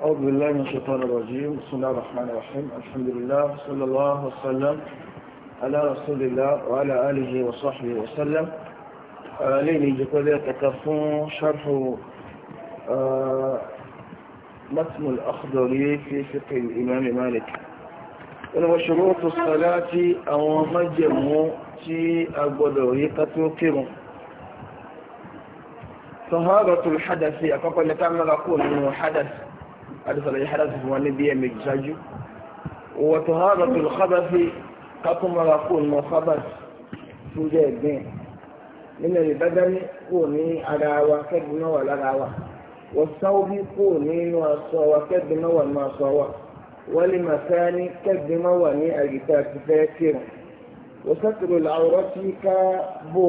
أعوذ بالله من الشيطان الرجيم بسم الله الرحمن الرحيم الحمد لله صلى الله وسلم على رسول الله وعلى آله وصحبه وسلم آه، ليني جكولي تكفون شرح آه، متن الأخضري في فقه الإمام مالك وشروط الصلاة أو مجمع في أقدري قتوكم فهذا الحدث أقول لك أمر أقول أنه حدث àdìsọ̀rọ̀ yìí hádàsì fún wọn níbi ẹ̀mí ìṣáájú wọ̀tọ̀ hádà tó lọ́kàbàsí kákùnmọ́ra kò ní ọ̀kàbàsí tó jẹ́ ẹ̀gbìn nínú ìdájáni kò ní ara wa kẹ́gbìn náà wà lára wa wọ̀sáwó bí kò ní inú aṣọ wa kẹ́gbìn náà wà nínú aṣọ wa wọ́n lè máa fẹ́ ní kẹ́gbìn náà wà ní àyíká ti fẹ́ kírun وستر العورات كبو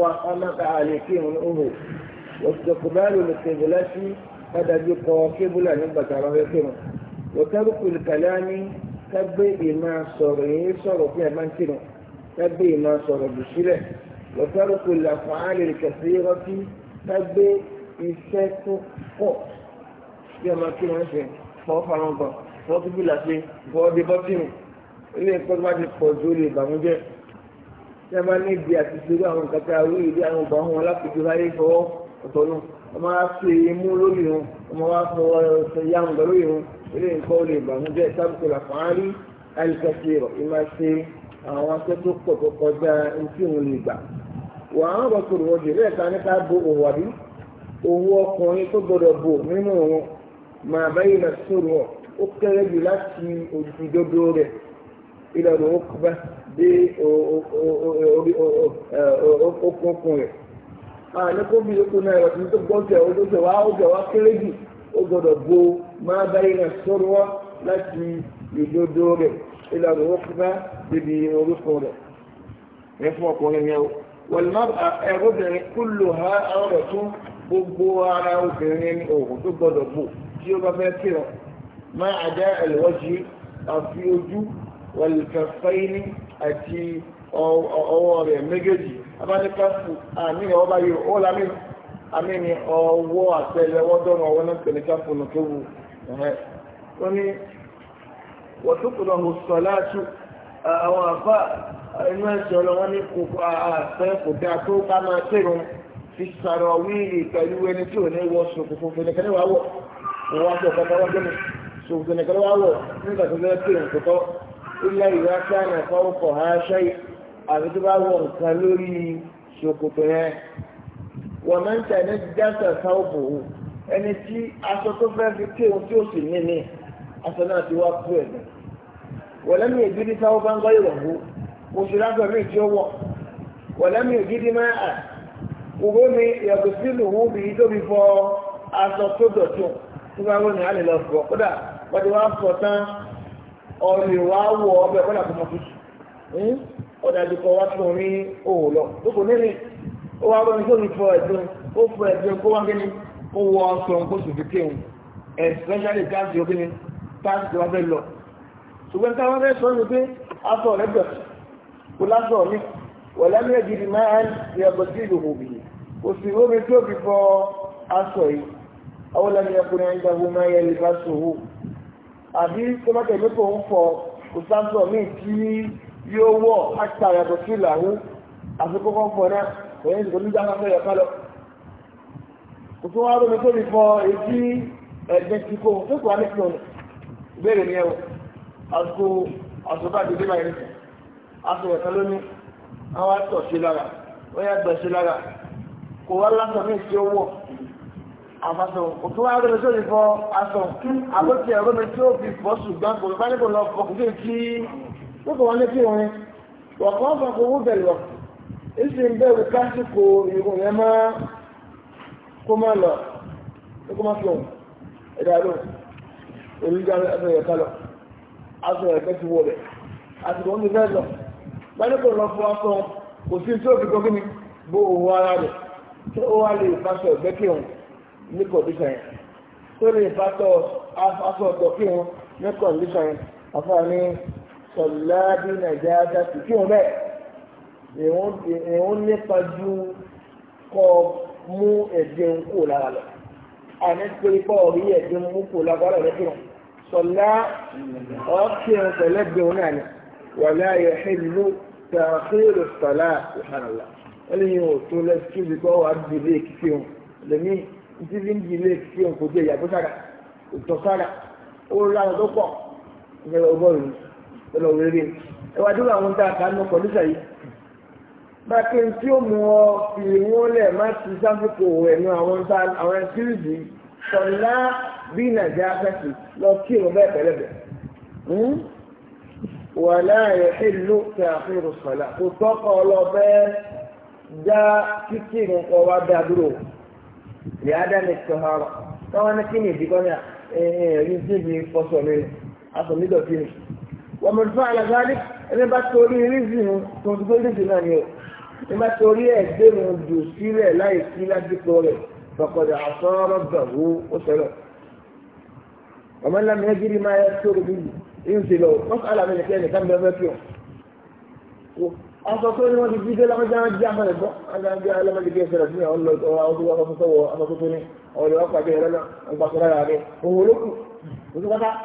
وقامت عليكم الأهو واستقبال الاستغلاف kádájú kọ kébùlà nígbà tá a bá fẹ́ kírun wọ́tárù kùlù kàlámì kágbé ìmọ̀ sọ̀rọ̀ yìí sọ̀rọ̀ fún ẹ̀ma kírun kágbé ìmọ̀ sọ̀rọ̀ bù sílẹ̀ wọ́tárù kùlù àfọ̀hálì kẹsì rọ́tí kágbé iṣẹ́ tó pọ̀ bí ọmọ kírun ṣe fọ́ farangbọ̀n fọ́ kíbùlà ṣe fọ́ ọdẹ bọ́tìmù ilé ẹ̀kọ́ tó bá ti pọ̀ ju olè ìbànújẹ́ tí a bá ní ibi àti ìṣerú àwọn nǹkan tí ìdí àwọn ọgbà wọn lápèjọ láyé fọwọ́ ọ̀tọ̀ náà ọmọ wa fi imú lórí wọn ọmọ wa fọ ọsẹ yáwọn gbẹ lórí wọn eré nǹkan olè ìbànújẹ́ sábùkù làfààrí àìsàkè rọ ìmá ṣe àwọn akẹ́kọ̀ọ́ pọ̀ tó kọjá ntí òun lè gbà wà á rọ̀ sọ̀rọ̀ wọ́n jèrè ẹ̀ka nípa bo òwò àbí òwò ọkùnrin tó gbọdọ̀ bò nínú wọn màá báyìí lọ sọ̀rọ̀ ó kéré jù láti òdìdodo rẹ̀ ìlànà ó kọba dé okùnkùn rẹ̀ àwọn ah, ẹ̀kọ́ bí yòókù náà ẹ̀rọ tuntun gbọ́ tẹ̀ ó tẹ̀ wá ó tẹ̀ wá kéré jù ó gbọ́dọ̀ bo máa báyìí náà sọ̀rọ̀ wá láti ìdodo rẹ̀ ìlànà owó kíkà bíbi orúkọ rẹ̀ ẹ̀ fún ọkùnrin yẹn o. wọ́n má ẹ̀rọbìnrin kúlò ha ọ̀rọ̀ tún gbogbo ara obìnrin ní tó gbọ́dọ̀ bò tí ó bá fẹ́ kírun má àdá ẹ̀lọ́jì àfi ojú wọ̀lùkàfẹ́yìn àti ọwọ́ rẹ̀ méjèèjì abáníkà fún àmì ọwọ́ bá yọ ọwọ́ lámì àmì ni ọwọ́ àtẹlẹ ọwọ́ dọ́nà ọwọ́ náà tẹ̀lé káfọ́ nù tó wù ẹ̀hẹ́ ó ní wọ́túkùnà mùsọ̀láṣù àwọn àfà inú ẹ̀sìn ọlọ́wọ́n ní kò àfẹ́ kò dá tó ká máa tẹ̀rùn fi sàrọ̀ wíìlì pẹ̀lú ẹni tí ò ní wọ sòkòtò fẹnẹkẹrẹ wà wọ̀ kò wá sọ kankan wá gbẹ́mi sòkòtò fẹnẹkẹrẹ wà wọ̀ nígbà tó fẹ́ tẹ̀rùn kòtọ́ ilẹ̀ ìwé àbí tó bá wọ nǹkan lórí ṣòkòtò yẹn wọ́n máa ń tẹ̀ ní jásà sáwọ́bù ẹni tí aṣọ tó fẹ́ fi kéwọn tí ó sì ní ní aṣọ náà ti wá kú ẹ̀ wọ́n lẹ́nu ìdílé sáwọ́ bá ń gbọ́ ìrọ̀bù oṣù lágbàá mi tí ó wọ̀ wọ́n lẹ́nu ìdílé máa à òwò mi yàgò sínú òun bìí tóbi fọ aṣọ tó dọ̀tún tó bá wọ́n ní alẹ́ lọ fọ kódà wọ́n ti wá fọ tán ọ̀rìn wá wọ̀ ọbẹ̀ kódà kó mọ tuntun ọ̀dàjú kọ wá fún orí òwò lọ tó kò nílé ó wá lọ́nà tó ní fọ ẹ̀dùn ó fọ ẹ̀dùn kó wá kíni kó wọ ọsọ nǹkó sì fi kéwù especially káàsì òkè ni káàsì tó wá fẹ́ lọ ṣùgbọ́n ká wá fẹ́ sọ ní pé aṣọ rẹ̀ bẹ̀ kó lásọ̀ mi wọ̀ lẹ́nu ẹ̀jì ni máa ń yàgbọ́ sí ìdòwò bì kò sì rómi tó fi fọ aṣọ yìí àwọn lẹ́nu ẹ̀kọ́ ní ẹ̀jẹ̀ wo máa yẹ ìbáṣòwò àbí tó bá tẹ̀lé kò ń fọ kò sáńsọ̀ míì tí yóò wọ̀ àṣà yàtọ̀ sí ìlàwó àfikún kan fọ̀ náà òyìn ìsìnkú nígbà máa fẹ́ yọ̀ká lọ. kò tún wá lómi tó lè fọ èyí ẹ̀gbẹ́ ti kó tó kò wá ní kílónù ìbéèrè ni ẹwọ àsìkò àsìkò àti ìdíbà yẹn nìkan àsìkò ẹ̀ka lónìí àwọn àtọ̀ sí lára ó yà gbẹ̀ sí lára kò wá lásán ní ìṣe owó àfàsọ̀ kò tún wá lómi tó lè fọ àsọ̀ àbótiẹ̀ lómi tó fi fọ́ ṣùgbọ́n kò lókè wọn ní kí wọn wọ̀kan fàkó owó bẹ̀rẹ̀ wọ̀ èsì ń bẹ̀rù kásìkò ìrùn yẹn máa kó máa lọ ní kó máa fi hàn ẹ̀dá ló olùdíjà ẹ̀fẹ̀ yẹn ká lọ aṣọ ẹ̀fẹ̀ ti wọ̀ bẹ̀ àsìkò ń bẹ̀ lọ báyìí kò lọ fún aṣọ kò sí tí ó fi gbọ́ kí ni bó owó ara rẹ̀ tí ó wá lè fàṣọ ẹ̀fẹ̀ kí wọn ní kọ̀díṣà yẹn tó lè fàṣọ aṣọ ọ̀dọ̀ kí wọn ní kọ̀díṣà yẹn àfáà sọláàbí nàìjíríà ti kí wọn bẹ́ẹ̀ èèwọ̀n nípa ju kọ́ mú ẹ̀jẹ̀ ń kó lára lọ àmì pé kọ́ rí ẹ̀jẹ̀ ń kó lára lọ kírun sọlá ọ̀kírun pẹ̀lẹ́gbẹ̀rún náà ni wàlá yẹ ẹ̀lú tààkìrì sọlá ìhànàlá wọ́n lè yín òtún lẹ́sí bí kọ́ wà á di wọn lèmi ti ń di ilé wọn kò dé ìyàgbọ́ sára òtọ́ sára ó lára tó pọ̀ ìgbẹ́ ọgbọ́n yìí ọlọ́wọ́ eré ẹwà dúró àwọn tá a kà nù kọ́ nísà yìí bá kí n tí ó mú ọ fi wọ́n lẹ̀ má ti sáfìkò ẹ̀nu àwọn tá àwọn síríìsì sọ̀lá bí nàìjíríà fẹ́sì lọ kí ìwọ̀n bẹ́ẹ̀ pẹ̀lẹ́bẹ̀ hmm? wà láàyè ìlú tí a fi rò sọ̀lá kò tọ́kọ̀ ọlọ́bẹ̀ dá kíkì nǹkan wá dá dúró ìyáda ní sọ̀hárọ̀ táwọn ní kí ni ìdíkọ́ ní ẹ̀ẹ́dì síbi fọ́sọ̀ mi asọ̀ mi dọ̀tí ni wọ́n fún alágbádé ẹni bá torí rízìnù tó ń tó rízìnù náà ni o ẹni bá torí ẹ̀ gbẹ̀rù dùn sílẹ̀ láì sí ládùúgbò rẹ̀ fọkọ̀dà àsọ̀rọ̀ gbàgbó ó sọ̀rọ̀ ọmọ ńlá mi ẹgbẹ́rì máa yẹ tó rògbì yìí ń ṣe lọ wọ́n fún alámi nìkẹ́ nìkan bẹ́ẹ̀ bẹ́ẹ̀ fíọ̀ ọkọ̀ tó ní wọ́n ti dídé lọ́mọdé àwọn jẹ́ àmọ́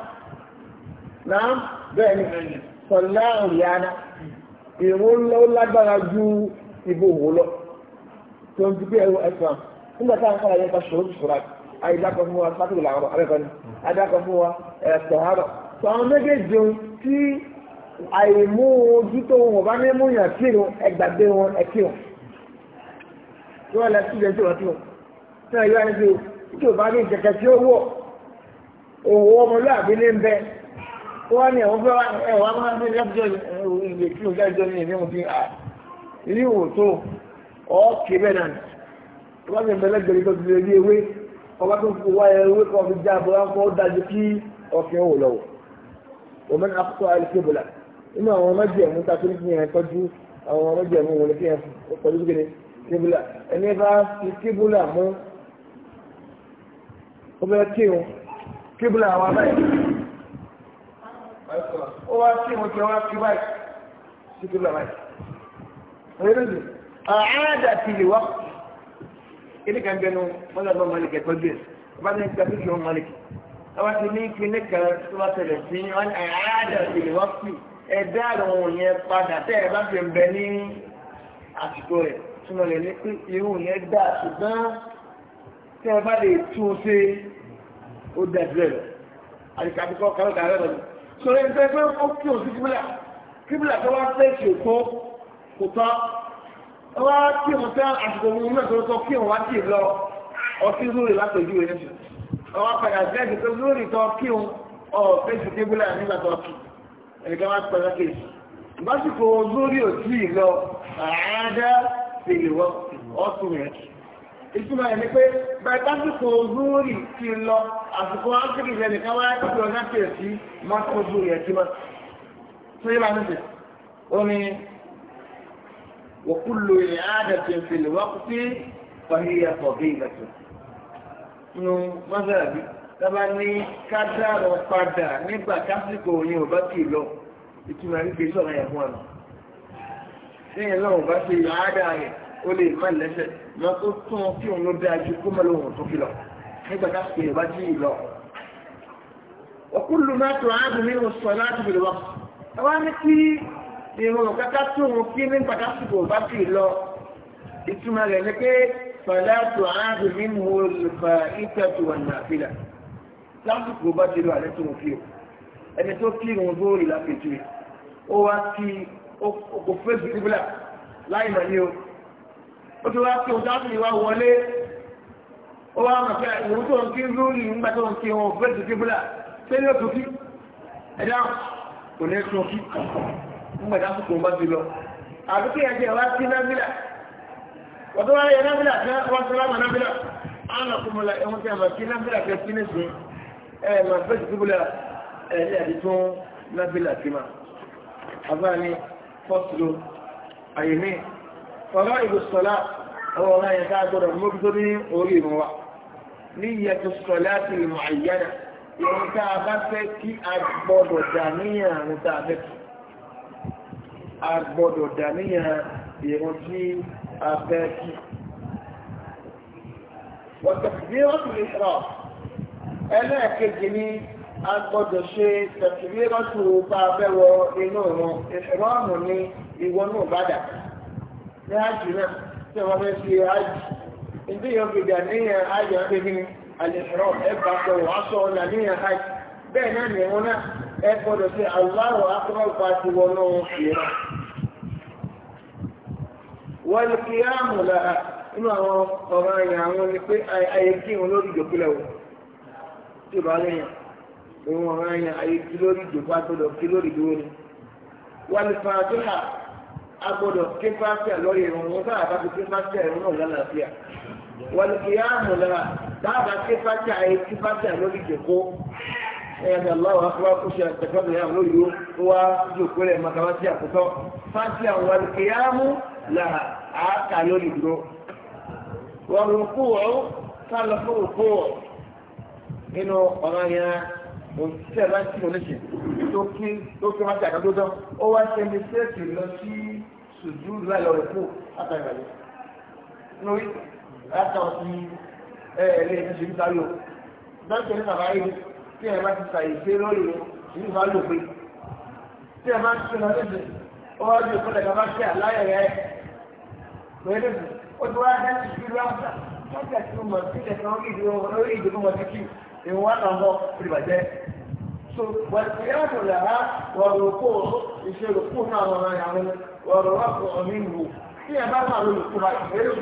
náà bẹ́ẹ̀ ni sọ̀lá òyàna ìrún ló lágbára ju ìbò òwò lọ tó ń dúpẹ́ ẹ̀rọ ẹ̀sán nígbà táwọn kan àyẹ̀kọ́ ṣòro ti fura àyídákọ̀ fún wa sátìlù làwọn abẹ́kọ̀ ni àdákọ̀ fún wa ẹ̀sọ̀ àrọ̀ tó àwọn méjèèjì tí àìmú ojú tó wọn bá ní mú yàn kírun ẹgbàgbé wọn ẹkírun tí wọ́n lẹ sílẹ̀ tí wọ́n kírun tí wọ́n yọ ẹni tí o bá ní ìkẹ̀kẹ́ tí ó wọ̀ òwò ọmọlúwàbí ní ń bẹ́ẹ̀ tó wá ní ẹ̀wọ̀n fẹ́ wá ẹ̀wọ̀n á máa ń fẹ́ lábíjọ́ ìlè kí o lábíjọ́ ní ẹ̀mí ọdún à ilé ìwò tó ọ̀ọ́kì bẹ́ẹ̀ náà tó wá ní ẹ̀mẹ́lẹ́ gbẹ̀rẹ̀ tó ti lè rí ewé ọba tó fi wá ewé kan fi já abọ́ wọn kọ́ dájú kí ọkàn wò lọ́wọ́ òmìnira akókò àìlèkébùlà nínú àwọn ọmọdé ẹ̀mú ta tó ní fi hàn tọ́jú àwọn ọmọdé ẹ̀mú wọn fi hàn tọ́jú kéde kébùlà ẹni bá fi kébùlà mú ọbẹ̀ kí kébùlà àwọn abáyé ó wá sí wọn jẹ wá sí báyìí sí kí lọ báyìí orí mi àádà ti lè wá kí ni kan bẹnu wọn lọ bá malikẹ tọjú ẹ bá ní ìgbà tó ṣe wọn malikẹ àwọn ti ní kí ní kan tó bá tẹlẹ sí wọn àádà ti lè wá sí ẹ̀dá àwọn yẹn padà tẹ́ ẹ bá fi ń bẹ ní àsìkò rẹ̀ tí mo lè ní pé irú yẹn dà ṣùgbọ́n tẹ́ ẹ bá lè tún un ṣe ó dàbí rẹ̀ lọ àdìkàdìkọ́ kárọ̀kà rẹ̀ lọ́dún sọ̀rọ̀ ẹgbẹ́ pé ó kí o sí kíbílà kíbílà tó wá fẹ́ ṣe kó kò tán ó wá kí o tán àsìkò òun náà tó tọ́ kí o wá kí o lọ ọtí lórí látọ̀jú rẹ̀ ó wá padà gẹ́gẹ́ pé lórí tọ́ kí o ọ̀ fẹ́ ṣe kíbílà nígbà tó kí ẹ̀ka wá pẹ̀lú kéèsì ìbásìkò lórí òtí ìlọ àádá sí ìwọ ọ̀tún rẹ̀ kì í ìtumọ̀ ẹni pé bàtàkùkù zúúrì ti lọ àsìkò áfíríkì rẹ̀ nìkan wáyé tó lọ náà tẹ̀ sí mọ́tò zúúrì ẹ̀ tí mọ́. tó yẹ máa ń sè ó ní wọ́kúlù ilẹ̀ àádọ́tì ìfìlẹ̀ wọ́kútì fàhíyà fọ̀bí ìgbàtò. nu mọ́sálàbí tábà ní kádàrọ̀ padà nígbà kásìkò yẹn ò bá kì í lọ ìtumọ̀ ẹni gbé sọ̀rọ̀ yẹn fún wa. náà ò bá ṣe àádọ́ ó lè má lẹ́sẹ̀ lọ tó tún kí òun ló dáa ju kó má lóhùn tó fi lọ nígbà tá a pè é bá jí ìlọ. òkúlù máa tó ààbò mi ò sọ láti bèrè wọn. ẹ wá ní kí ìrùn kátá tó òun kí ní pàtàkùn bá fi lọ ìtumọ̀ rẹ̀ ni pé fàlẹ́ tó ààbò mi ò lùfà ìtẹ̀tù wọn nàfìlà lásìkò bá ti lọ àlẹ́ tó òun kí o ẹni tó kí ìrùn bóòrì lápẹ̀jù ó wá kí òkò fẹ́ẹ́ láì mọ̀ ní o ó ti wá kí òjá sì wá wọlé ó wá mọ̀ pé ìwú tó ń kí lórí nígbà tó ń kí wọn ò fẹ́ ti kíbúlà ṣé ní òtún kí ẹ̀dá kò ní tún kí nígbà tá kò bá ti lọ àbí kí ẹ̀jẹ̀ wá sí nábìlà ọ̀dọ́ wa yẹ nábìlà tí wọ́n ti lámà nábìlà á lọ kó mọ̀ ẹ̀hún tí a mọ̀ kí nábìlà fẹ́ sí ní sùn ẹ̀ mọ̀ fẹ́ ti kíbúlà ẹ̀rí àti tún nábìlà sí ma. àbúrò ni fọ́sùlù àyèmí fọlọ́ ìbùsọ̀lá ọwọ́ ọ̀rọ̀ yẹn dáa gbọ́dọ̀ mójútó ní orí ìrún wa ní ìyẹtù sọ̀lá ti ìmọ̀ àyíyára ìrún tá a bá fẹ́ kí a gbọ́dọ̀ dà níyàn àrùn tá a fẹ́ kí a dà níyàn ìrún tí a fẹ́ kí. وتكبيرة الإحرام ألا كجني أقبض شيء تكبيرة بابا وإنوه إحرامني إيوانو بدأ ní ájì náà tí wọ́n fẹ́ fi ájì ìdí yóò fi dà níyàn ájì wọn fi àlèkùrọ̀ ẹgbà pé wọ́n sọ ọ̀nà níyàn ájì bẹ́ẹ̀ náà nìyẹn wọn náà ẹ gbọ́dọ̀ sí aláwọ̀ akọ́lọ́pàá ti wọnú ìran. wọ́n ní kí lára àwọn ni pé ayé kí wọn lórí agbọ́dọ̀ ké pásítà lórí irun wọn sábà bá fi ké pásítà irun náà lálàáfíà wọ́n ti yá àmọ̀ lára báàbá ké pásítà ayé ké pásítà lórí ìjòkó ẹ̀yàdà aláwọ̀ akọ́wà kó ṣe àtẹ̀kọ́dọ̀ yà lórí yóò wá jòkó rẹ̀ màkàwá sí àkótọ́ pásítà wọ́n ti yá àmọ̀ lára àáka lórí ìdúró wọ́n rò kú ọ́ sálọ fún òkú ọ́ nínú ọ̀rọ̀ yẹn òṣìṣẹ́ láti oníṣẹ́ tó kí tó kí wọ́n ti àkàtó ó wá ṣe ní sẹ́ẹ̀tì lọ sí sùdú láyọ̀ rẹ̀ kó látàrí ìrànlẹ́ lórí látàrí ọ̀sìn ẹ̀ẹ́lẹ́ ìṣẹ́ ìṣẹ́ ìṣàlò dáńtẹ̀ ní bàbá yìí tí ẹ̀ bá ti ṣàyè ṣe lórí rẹ̀ ìṣẹ́ ìṣàlò pé tí ẹ̀ bá ti ṣe lọ́dẹ̀ ṣe ó wá ju ìpínlẹ̀ bàbá ṣe àláyẹ̀ rẹ̀ pẹ̀lú ó ti wá dáńtẹ̀ ìṣẹ́ láńtà láńtà tí mo mọ̀ sí ìṣẹ́ so wàlùkìyàmù làrá wọ̀rọ̀ kó ìṣirò kú náà wọ̀rọ̀ yàrá wọ̀rọ̀ wà fún ọ̀mí wò tí ẹ bá máa lò lòkú ra ìwérò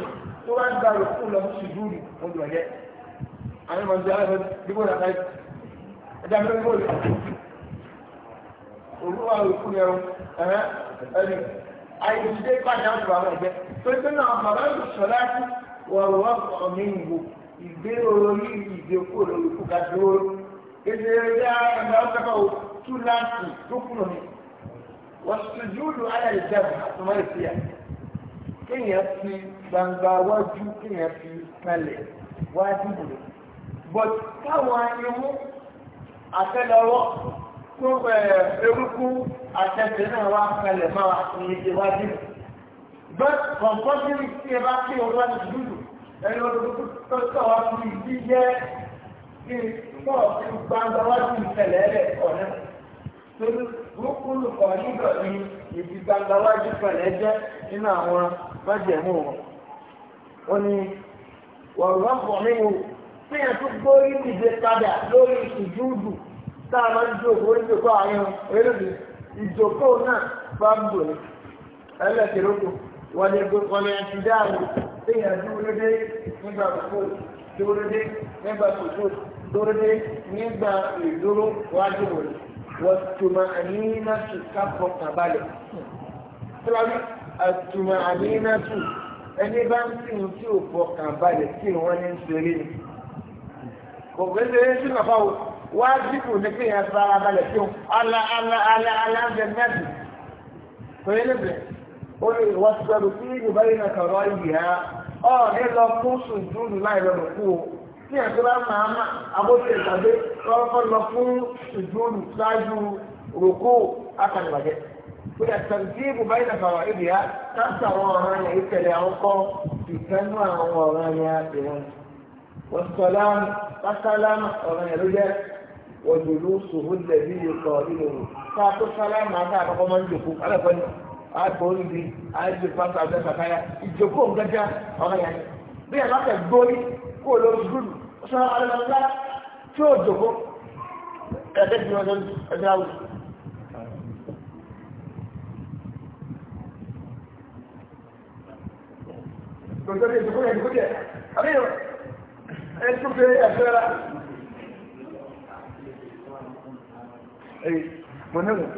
tó bá ń gba lòkú lọ sí dúró ọdún ọ̀yẹ́ àwọn ọmọ ìjọba ẹgbẹ́ dìbò dàgbà ẹja mẹ́rin bó lè òru wà lòkú yẹn ẹ̀hẹ́ ẹni àìsídé pàjá ọ̀dọ̀ àwọn ẹgbẹ́ tó ń tẹ́lẹ̀ àwọn bàbá ìlú sọ̀rọ̀ wọ̀rọ̀ wà fún ọ̀mí wò ìgbéró orí ìdè kúrò lòkú ká dúró èdè ẹ̀yà ẹ̀dá ọ̀sẹ̀kọ̀ tú láti dúkùnù ni wọ́n ti júùdù ayẹyẹ jẹ́bù àtúmọ̀ ìfìyà kéèyàn fi gbangba wájú kéèyàn fi kalẹ̀ wájú bùrù but káwọn irú àtẹ́lẹwọ́ tó eruku àtẹ́tẹ́ náà wá kalẹ̀ máa ní ìwájú but compulsory tí ẹ bá kí ọ̀rọ̀ àti júùdù ẹni ọdún tó tọ́ wá fún ìdíyẹ kí bọ́ọ̀sì gbangba wá sí ìṣẹ̀lẹ̀ ẹ̀rẹ̀ ọ̀nà torí rúkúlù kan nígbà ní ìdí gbangba wá sí ìṣẹ̀lẹ̀ jẹ́ nínú àwọn májẹ̀mú wọn. ó ní wọ́n rọ́pò nínú fíyàn tó gbórí ìdíje padà lórí ìjúùdù tá a máa ń jókòó ìjókòó àárín erébì ìjókòó náà bá ń bò ní ẹlẹ́kẹ̀rọ́kù wọ́n lè gbé wọ́n lè ti dáàbò fíyàn dúró dé nígbà kòkó dúró dé nígbà kòkó dúródé nígbà ìdúró wájú wòlé wọ́túmọ̀ àníyàn tù kápọ̀ kàbálẹ̀. Tíwájú àtúmọ̀ àníyàn tù ẹni bá ń sìn tí ò fọkàn balẹ̀ tí wọ́n ní ń ṣeré ni. Kò gbèsè ní sínú àbá wo wájibù ní kí èèyàn fara balẹ̀ tí ó ala ala ala ala ń bẹ mẹ́tì. Kò yẹ níbẹ̀ ó lè wá sí ọdún tí ìlú bá yẹn kàn rọ́ ọ̀ ní fún sùn dúdú láì lọ́dún kú o tí ẹ̀sẹ̀ bá máa ma abóṣe ìtàgé lọ́kọ́ lọ fún ìdúró ṣáájú rògbò akànìbàjẹ́. pé àtàǹtí ibùbá yìí nàfàrà ìdí yá káàtà àwọn ọ̀ràn yẹn ìtẹ̀lẹ̀ àwọn kọ́ ìtẹ́nu àwọn ọ̀ràn yẹn ìrìn. wọ́n sọ̀lámù pátálámù ọ̀ràn yẹn ló jẹ́ wọ́dùlú sòhúnlẹ̀ bí ikọ̀ ìlú káàtó sálámù àtàkọ́kọ́ máa ń jòkó alẹ́kọ́ ni àgbọ̀ oníbi àjò pátá àbẹ́sàkáyà ìjòkó ngájá ọ̀ràn yẹn bí ẹ̀ kó lọ gúrù ọ̀sán alẹ́lọ́lá tí ó jòkó ẹ̀ẹ́dẹ́ bí wọ́n ẹgbẹ́ àwùjọ. Gbogbo ìdìbò yẹn dìbò jẹ, àbíyàn ẹ̀ tún fi ẹ̀fẹ́ ra. Mo ní wọn,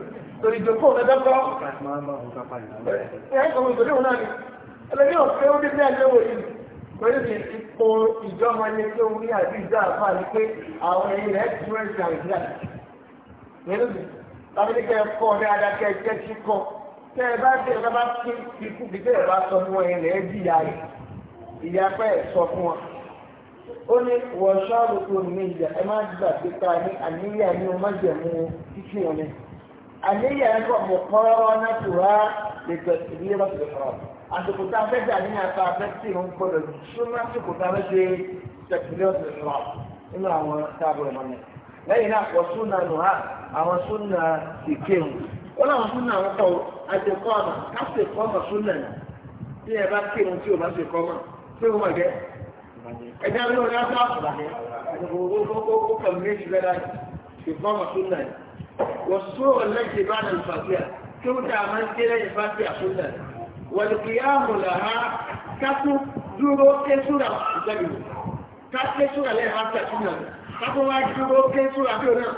torí ìjòkó ọ̀rẹ́ dọ́kọ́. Ẹ̀ ń kọ́ náà ni, ẹlẹ́ni ọ̀fẹ́ ó dé ní àjẹ́wò yìí torí fi ipò ìjọba yẹ kí òun ní àbí ìjà àfà ni pé àwọn ẹ̀yìn rẹ̀ ti rẹ̀ ṣe àìsíà nínú mi lábẹ́lẹ́ kẹ́ ẹ kọ́ ní adákẹ́ ẹ̀jẹ̀ tí kọ́ tẹ́ ẹ bá dé ẹ bá kí ikú bí tẹ́ ẹ bá sọ fún ẹ̀yìn rẹ̀ bí ìyá rẹ̀ ìyá pẹ́ sọ fún wọn. ó ní wọ́n ṣọ́ọ̀rù tó ní ìyá ẹ má gbà pé ta ní àníyàn ní o má títí wọn ni àníyàn ẹ̀kọ́ mọ̀ kọ́ náà tó rà lè tẹ̀sí àsìkò tá a fẹ́ dà ní apá abẹ́tì ń gbọ́dọ̀ súnmọ́ àsìkò tá a fẹ́ ṣe tẹ̀sílẹ́ọ̀sì lọ nínú àwọn táàbù ẹ̀mọ́ mi. lẹ́yìn náà wọ́n súnà nù ha àwọn súnà ìkéhùn wọ́n láwọn súnà àwọn kọ̀ àjẹkọ́ ọ̀nà káṣẹ̀ kọ́ ọ̀nà súnà ní tí ẹ bá kéhùn tí o bá ṣe kọ́ ọ̀nà tí o mọ̀ gẹ́ ẹ̀dá mi lórí ọjọ́ ó kàn mí ìṣúlẹ̀ láti ṣe kọ́ ọ̀nà súnà ní wọ́n sún ọ̀lẹ́jì bá nà ìfàṣẹ́ wàlùkìyàmù làhá kátó dúró késúra ìjẹ́bi kátó késúra lẹ́yìn hàn tẹ̀ súnà kátó wá dúró késúra bí òun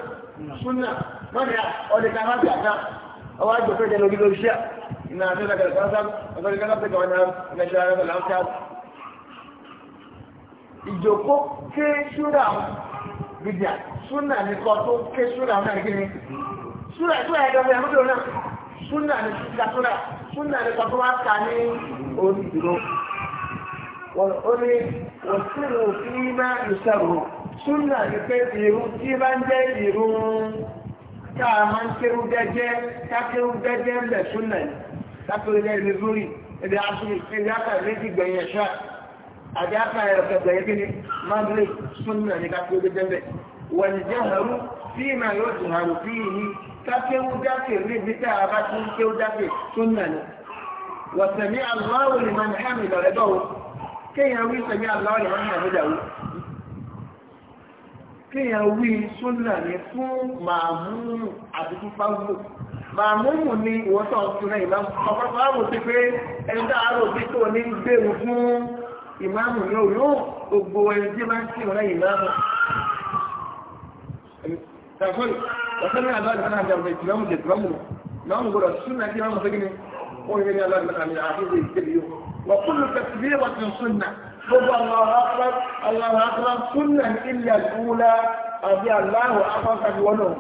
súnà wọ́n ní ọdẹ ká hàn tẹ̀ àná ọwọ́ àgbẹ̀fẹ́ jẹ́ lórí lórí ṣíà iná àti ọ̀dà kẹlẹ̀ kánsá ọ̀dà kẹlẹ̀ pẹ̀lú ọ̀nà ẹ̀ṣẹ̀ ara pẹ̀lú ọ̀nà ìjòkó késúra gbìdìà súnà ní kọ́ tó késúra náà kí ni súnà ẹ̀dọ́ súnà ní kan tó bá ta ní orí dúró ó ní òsínú sí máa ń sọ̀rọ̀ súnà ní pé ìrú tí bá ń jẹ́ ìrú tá a máa ń kéwú jẹ́jẹ́ ká kéwú jẹ́jẹ́ ń bẹ̀ súnà ní kákéwú jẹ́jẹ́ ní lórí èdè asúnì èdè ákàrà méjì gbẹ̀yìn ẹ̀ṣọ́ àti ákàrà ẹ̀ṣọ́ gbẹ̀yìn kí ni mágílẹ̀ súnà ní kákéwú jẹ́jẹ́ ń bẹ̀ wọ̀nyí jẹ́ hàrú fíìmà yóò dùn hàrú fíìmì kákéwú dákè rí ibi tá a bá ti ń kéwú dákè tún nà ní. wọ̀sẹ̀mí aláwọ̀ lè máa ní hàmì lọ́rẹ́ bọ̀ wọ́n kéèyàn wí sẹ̀mí aláwọ̀ lè máa ní hàmì dàwọ́. kéèyàn wí súnà ní fún màmúmù àti fún fáwọ́. màmúmù ni ìwọ́sọ̀ súnà ìmáàmù ọ̀pọ̀lọpọ̀ وسمع الله لمن حمده ربنا الإمام الإمام الإمام يقول السنة دي إمام سجن ويقول الله لمن حمده عقيدة الكبير وكل تكبيرة سنة قل الله أكبر الله أكبر سنة إلا الأولى أبي الله أكبر أولهم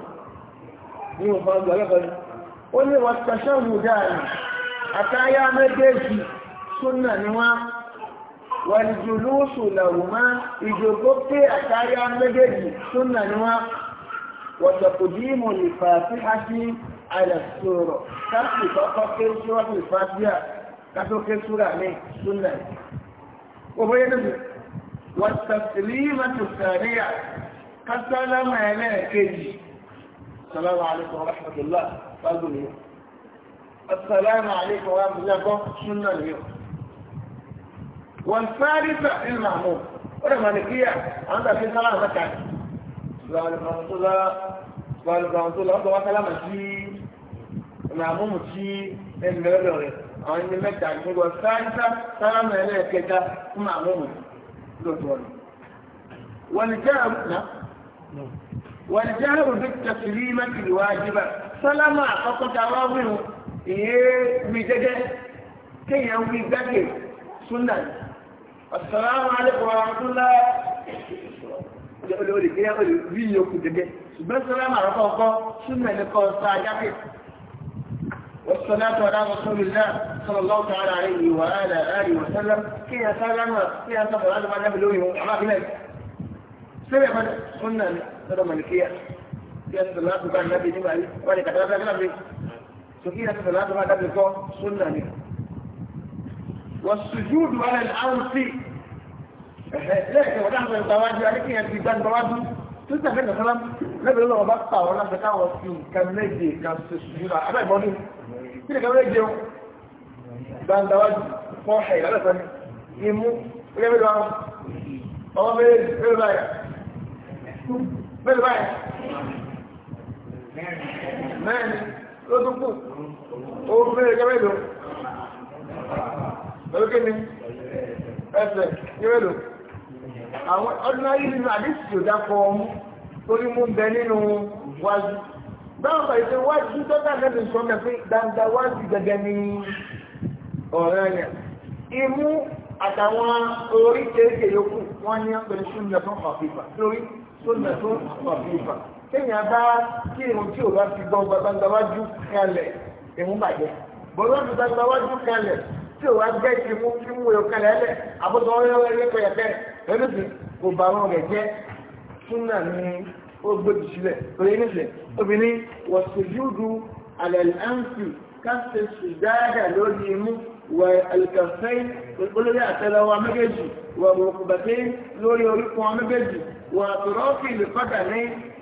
ní ọ̀fà gbọ́lọ́gbọ́lọ́ ó ní wọ́n tẹ̀ṣọ́rù dáàrí àtàyà méjèèjì súnà ni wọ́n wọ́n jùlúùsù làwùmá ìjòkó pé àtàyà méjèèjì súnà ni wọ́n وتقديم الفاتحة على السورة كافي تقفل سورة الفاتحة كافي سورة عليه سنة وبين والتسليمة السريعة كسلم عليك السلام عليكم ورحمة الله قالوا لي السلام عليكم ورحمة الله سنة اليوم والثالثة المعمول ولما نكيع عندها في سلام مكاني ìbáraẹnìkan tó lọ ọgbọ̀n wákàlámà sí ìmàmúmù tí ẹni lọ́dọ̀ rẹ̀ àwọn ẹni mẹ́ta nígbà sáńtà sáńtà ẹlẹ́ẹ̀kẹta fún màmúmù lọ́dọ̀ rẹ̀. wàlìjáàrù bí tẹ̀sílì mẹ́tì ìwájúbà sálámà àkọ́kọ́ tá a wá wíwù ìyẹn wí gẹ́gẹ́ kéèyàn wí gbẹ́gẹ́ súnà. Assalamu alaikum warahmatullahi olùkíyà olùrí yòókù gẹ́gẹ́ ṣùgbọ́n sọ́lá màá kọ́kọ́ súnmọ̀ ní kọ́ sọ ajáfẹ́ والصلاة على رسول الله صلى الله تعالى عليه وعلى آله وسلم كي يسلم كي يسلم هذا ما نبلوه وما في ذلك سبب سنة سنة ملكية كي يسلم الله تعالى النبي نبالي وعلى كتاب الله نبي سكي يسلم الله تعالى نبي سنة والسجود على الأرض lẹ́ẹ̀kẹ́ wọ́n dáhùn ẹ̀gbà wájú adékèyàn ti gbàgbà wájú tó sì àfẹ́gbẹ̀ sọ́lá lẹ́bẹ̀rẹ̀ lọ́wọ́ bá pa àwọn láti káwọ́ sí nǹkan méje kan ṣe ṣùgbọ́n abẹ́ ìbọn ní kí nìkan méje o gbàgbà wájú fọ́ ẹ̀ lọ́dọ̀ imú lẹ́bẹ̀rẹ̀ wọn ọmọ mẹ́rẹ̀ báyà mẹ́rẹ̀ báyà mẹ́rin ló tún kù ó mẹ́rẹ̀ kẹ́mẹ́lò àwọn ordinary nínú àdéhùn tó dákọ̀ ọmú torí mú bẹ nínú wájú báwọn bàyìí pé wájú tó dàgbà ní sọ mẹ pé dáadáa wájú gẹ́gẹ́ ní ọ̀rẹ́ yẹn imú àtàwọn orí kéèké yòókù wọn ní pẹ̀lú súnmọ́ fún ọ̀fìfà lórí súnmọ́ fún ọ̀fìfà kéèyàn bá kí irun tí ò bá fi gbọ́ gbàgbà wájú kalẹ̀ irun bàjẹ́ bọ́lá ti gbàgbà wájú kalẹ̀ tí ò wá gbẹ́ ti mú kí mú yọ kalẹ̀ lẹ̀ àbọ̀tọ̀ ọ̀rẹ́ ẹlẹ́sìn kò bá wọn rẹ̀ jẹ́ súnà ní ó gbèjì sílẹ̀ torí nísìn obìnrin wọ́n sì yúdu àlẹ́láńsì káṣe sùdáàdà lórí imú wọ àlùkàfẹ́ olórí àtẹlẹwà méjèèjì wọ òkùbàtẹ́ lórí orúkọ méjèèjì wọ àtúrọ́ọ̀kì ìlúpàdà ní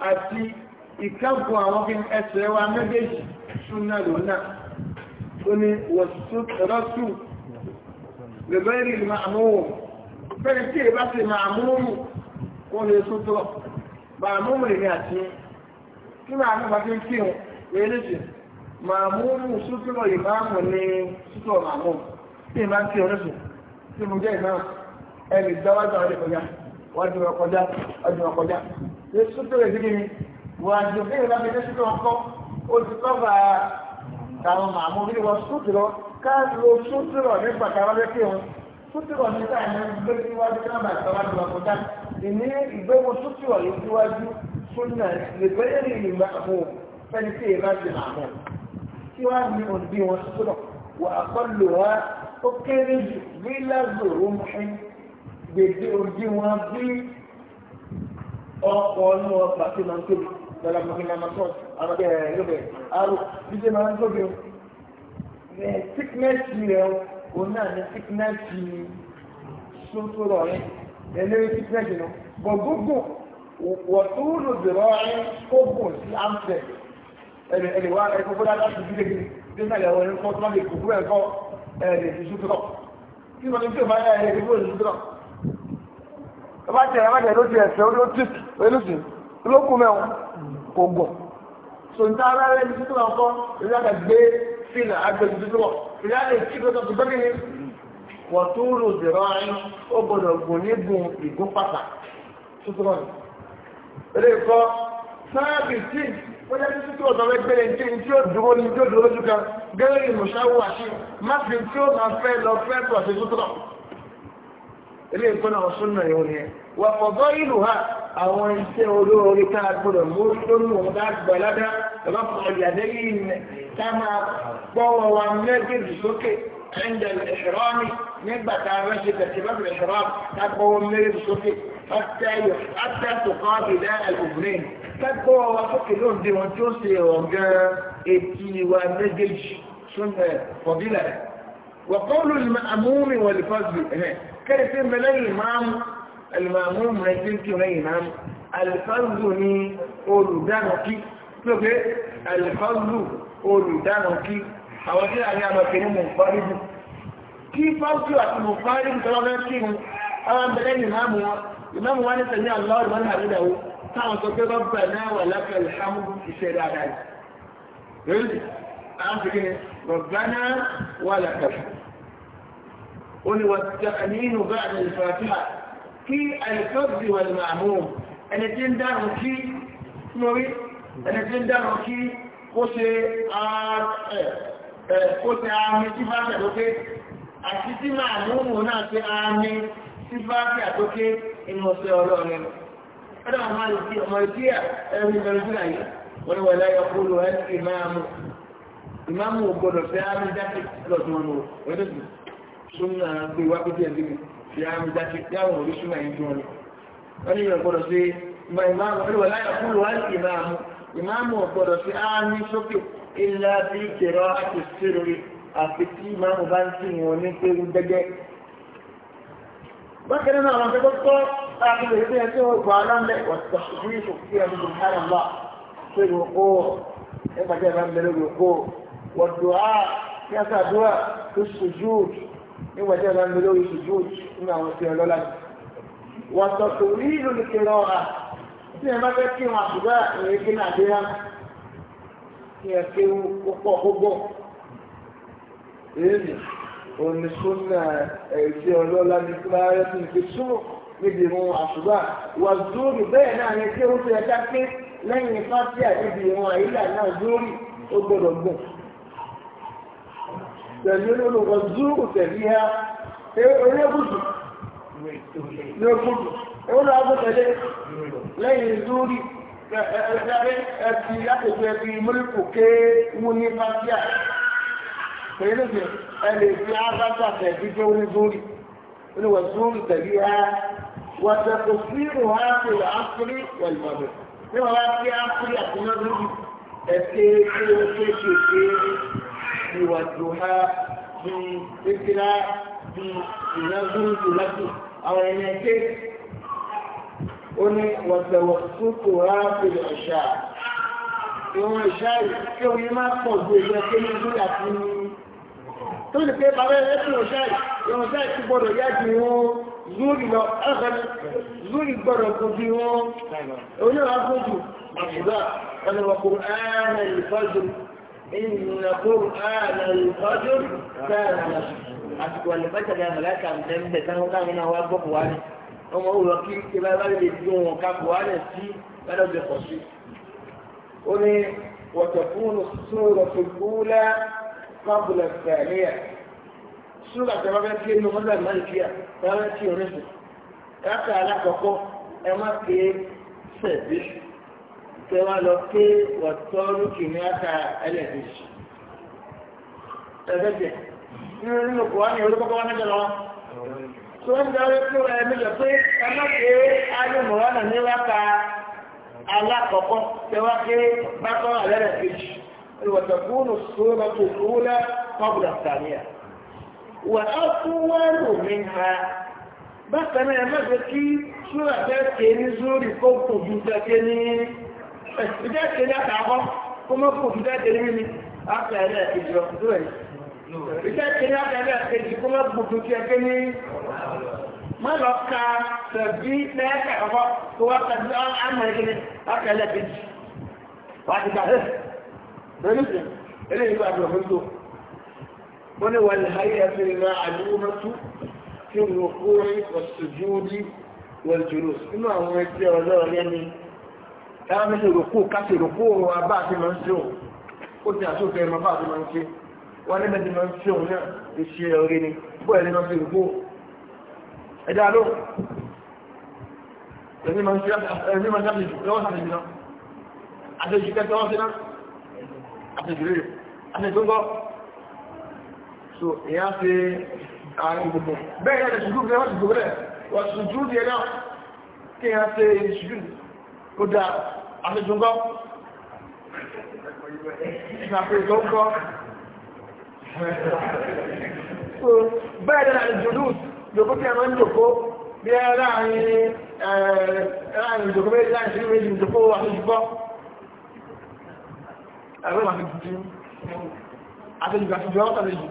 àti ìkẹ́kọ̀ọ́ àwọn fi ẹsẹ̀ wa méjèèjì súnà lónà ó ní wọ́n sùn rọ́sù lè bẹ́ẹ̀rì máa mú wọn fẹ́ni tí èyí bá ti máa múrù kó lè sótọ́ máa múrù èmi àti kí máa mú bàtí kí n lè léṣe máa múrù sótọ́ ìmáàmù ní sótọ́ màmú tí ìmá ń kí oníṣù tí mo jẹ́ ìmáàmù ẹnì dáwájú àwọn ìkọjá wájú ọkọjá wájú ọkọjá lè sótọ́ rẹ̀ mi wájú bí ìlànà ìdí sótọ́ ọkọ ó ti kọ́ bá àwọn màmú bí wọ́n sótọ́ ká ló sótọ́ nígbà sútìrọ̀ ní sáànà gbé síwájú kí wọ́n bá sọ́wọ́ àti ọkọ̀tà ìní ìgbéwò sútìrọ̀ yìí síwájú súnà lè gbẹ́yẹ́ ní ìlú àmú fẹ́ni tí èèyàn bá ti mà mọ́ tí wọ́n á ní òǹdí wọn sọ́dọ̀ wà á kọ́ lò wá ó kéré jù bí lázòrò mọ́ṣẹ́ gbèdé òǹdí wọn bí ọkọ̀ ọ̀nù ọgbà tí máa ń tóbi lọ́la mọ́kínlá máa tọ́ àwọn ẹ̀ẹ́dẹ́gbẹ̀ẹ́ àrò bí sickness rẹ̀ òun náà ní tíkínẹ́ẹ̀tì sótórọ̀ rẹ̀ ẹlẹ́rìí tíkínẹ́ẹ̀tì nù bọ̀ gbogbo wọ̀tú lòdìrọ̀ rẹ̀ ó gùn sí amsterdam ẹ̀rẹ̀ ẹ̀rẹ̀ wa ẹ̀kọ́ fọ́dá láti bí lẹ́gbẹ̀ẹ́ tí náà yàwó ẹ̀rẹ̀ fọ́tọ́ lè kókó ẹ̀kọ́ ẹ̀rẹ̀ ti kí o máa yà ẹ̀rẹ̀ ìgbó ìsótórọ̀ ọba tẹ̀rẹ̀ ọba tẹ̀rẹ̀ ló ti ẹ̀sẹ̀ ó ló tì olóṣù olókùn mẹ́wọ̀n kò gùn sòǹtà ara rẹ̀ ní sótórọ̀ kọ́ fìlà agbẹ̀dúdúwọ̀ fìlà lè kí lọ́dọ̀ tó bẹ́ẹ̀ ni wọ́n tó rò zèrọ ayé ó gbọ́dọ̀ gùn nígun ìgún pàtà tuntun náà. eré kọ́ sáàbì tí ó yẹ kí títí ọ̀dọ́ ẹgbẹ́rẹ́ ní tí ó dúró ní tí ó dúró lójú kan gẹ́rẹ́ ìmọ̀ṣáwó ilé ìkọ́nà ọ̀sùnà yóò ní ẹ. wà fọ̀gọ́ ìlú ha àwọn iṣẹ́ olóore tá a gbọdọ̀ mú lórí òun bá gbà ládá bàbá fún ọ̀lẹ́ àdéhìí nẹ ká máa gbọ́wọ́ wa méjèèjì sókè عند الإحرام نبقى تعرفي ترتيبات الإحرام تبقوا ميل سوكي حتى حتى تقابل الأذنين تبقوا وسوكي لون دي وانتوسي وانجا إتي ومجج سنة فضيلة وقول المأموم والفضل كيف من الإمام المأموم نسيت الإمام الفضل ni olùdánukí tó pé alfazlu olùdánukí àwọn tí a ní àmàkì ní mùfàríbù kí fásitì àti mùfàríbù tọ́lọ́fẹ́ kí mú àwọn bẹ̀rẹ̀ ìmáàmù wọn ìmáàmù wọn ní sẹ̀yí aláwọ̀ ìwọ̀n àrídàwó táwọn sọ pé rọ́bà náà wà lápẹ̀ alhamdu iṣẹ́ dáadáa آخر ربنا ولا تفعل قل والتأمين بعد الفاتحة في الفرد والمعموم أنا تندر في نوري أنا تندر في قوسي قوسي آمي سفاكة دوكي أسيتي معموم هنا في آمي سفاكة دوكي إنه سيولوني أنا أمالي فيها أمالي فيها أمالي فيها ولا يقول الإمام ìmáàmù ò gbọdọ̀ fẹ́ ámì jáde lọ́dún wọn o ẹ̀rọ sì súnmọ́ gbé wá pé díẹ̀ níbi fi ámì jáde yáwọn òrí súnmọ́ yìí fún wọn ni. wọ́n ní ìgbọdọ̀ sí ìmáàmù ẹ̀rọ láyọ̀ fún wọn ìmáàmù ìmáàmù ò gbọdọ̀ sí ámì sókè ilá bí kẹrọ àti sírori àfi tí ìmáàmù bá ń sì wọn ní pẹ̀lú gẹ́gẹ́. bákan والدعاء يسعى دعاء في السجود إما جاء من ملوي سجود إما وفي الولد وتطويل القراءة إذا ما تكي معصباء يمكن عليها يكي وقوة إذن ونسونا في الولد كلاية في السوق níbi ìrún àṣùgbà wà zúrì bẹ́ẹ̀ náà ni kí ó fi ẹ̀dá pé lẹ́yìn fásitì àti ibi ìrún àyíká náà zúrì ó gbọ́dọ̀ gbọ̀n tẹ̀lé olùkọ́ zúrù tẹ̀lé ha orílẹ̀-èdè ní ogúnjù ewúrẹ́ agbẹ́tẹ̀lé lẹ́yìn zúrì ẹ̀fì látẹ̀kọ́ ẹ̀fì múlùkù ké mú ní fásíà pẹ̀lú ẹ̀lẹ́ fi ágbàtà tẹ̀lé tó ní zúrì olùkọ́ zúrù tẹ̀lé ha wàtẹ̀kọ̀ sírù ha ti rà áfírí wẹ̀lmọ̀dù wọ́n bá fi áfírí àti náà lórí ẹ̀fẹ́ tó ṣe ṣe ìwàdùhá bí ìkìlá bí ìnágúrúdù láti àwọn ẹni ẹ̀kẹ́ ó ní wàtẹ̀wọ̀súkò ráàpìlẹ̀ ọ̀ṣà ìwọ̀n ìṣá kí omi má pọ̀ ju ìjọ pé ní ojú àti ní tó lè pé bàbá ẹ̀ ẹ̀sìn ọ̀ṣà ìwọ̀n ìṣá ti gbọ́dọ̀ yá ju wọn zúrì lọ ẹ̀fẹ̀lẹ̀ zúrì gbọ́dọ̀ kò bí wọn oníwàá gbójú àbúrà ọ̀nà wàkùnrin ẹ̀ẹ́rẹ̀ ìfọ́jú إن قرآن الفجر كان مشهورا àsìkò àlùbáṣà ni àmàlàkà ǹdẹ́ǹdẹ́ táwọn káwọn náà wá gbọ́ buhari ọmọ òwúrọ̀ kí ṣe bá bá lè dùn wọn ká buhari sí lọ́dọ̀dẹ̀ pọ̀ sí. ó ní wọ̀tẹ̀fún sóòrò fìgbúlá kábùlẹ̀ fẹ̀lẹ́yà sóòrò àti ọmọbẹ́ kí ẹnu mọ́tà mọ́lìkíyà rárá tí orin sùn. káàkiri alákọ̀ọ́kọ́ ẹ má ké sẹ̀bí tẹ́wá lọ pé wọ́tọ́rú kìíní ata ẹlẹ́dẹ̀ẹ́sì. ẹ̀ẹ́dẹ̀ẹ́sì nínú nínú kò wá ní orí kọ́kọ́ wá mẹ́jọ lọ́wọ́. tó ń darí pé ẹ méjọ pé ẹ má ṣe ayélujára ní wákà alákọ̀ọ́kọ́ tẹ́wá pé bákọ́ ẹlẹ́dẹ̀ẹ́sì. وتكون الصورة الأولى قبل الثانية وأطول منها bákan náà ẹ má ṣe kí súrà bẹ́ẹ̀ kéé ní zúrì kó kò ju jẹ́ kéé ní ìjẹ́ ìṣẹ́lẹ̀ àtàkọ́ kó mọ́ kò fi jáde nínú mi láti ẹ̀rẹ́ ẹ̀kejì lọ tó ẹ̀ ìjẹ́ ìṣẹ́lẹ̀ àtàkọ́ ẹ̀kejì kó mọ́ gbogbo ti ẹgbẹ́ ní má lọ ka tẹ̀bí lẹ́ẹ̀kẹ́ ọkọ́ tó wá tẹ̀bí àmọ́ ìkíni láti ẹ̀rẹ́ ẹ̀kejì wá ti gbà ẹ̀ lórí ìṣẹ́ eléyìí ló àbúrò fún tó wọ́n ní wà ní ayé ẹ̀fẹ́ ìlà àdúgbò في الركوع والسجود والجلوس إما هو يتبع الله يعني ẹ̀rọ mi ṣe rògbò káṣe rògbò ọ̀rọ̀ abá àti máa ń ṣe òun ó ti àṣọfẹ́ ẹ̀rọ bá àti máa ń ṣe wọn ní bẹ́ẹ̀ ti máa ń ṣe òun náà lè ṣe ọ̀rẹ́ ni bó ẹ̀rẹ́ máa ń ṣe rògbò ẹ̀dá ló ẹ̀mí máa ń ṣe àṣejù lọ́wọ́ àṣejù náà àṣejù kẹta wọ́n ṣe náà àṣejù rèé àṣejù ń bọ́ so ìyá ṣe àárín gbogbo bẹ́ẹ̀ yẹn lè ṣùgbọ́n bí wọ́n ti gbogbo rẹ̀ wọ́n ṣùjú di ẹ̀ náà kí ìyá ṣe ìṣùjú àṣejù ńkọ́ ìṣàkóso ńkọ́ bẹ́ẹ̀ dára ìjòlú lòkó tí a máa ń jòkó bí ẹ láàrin ìjòkó méjì láàrin ìṣẹ́lú méjì ìjòkó àṣejù ńkọ́ ẹ̀rọ àṣejù àṣejù àṣejù àṣejù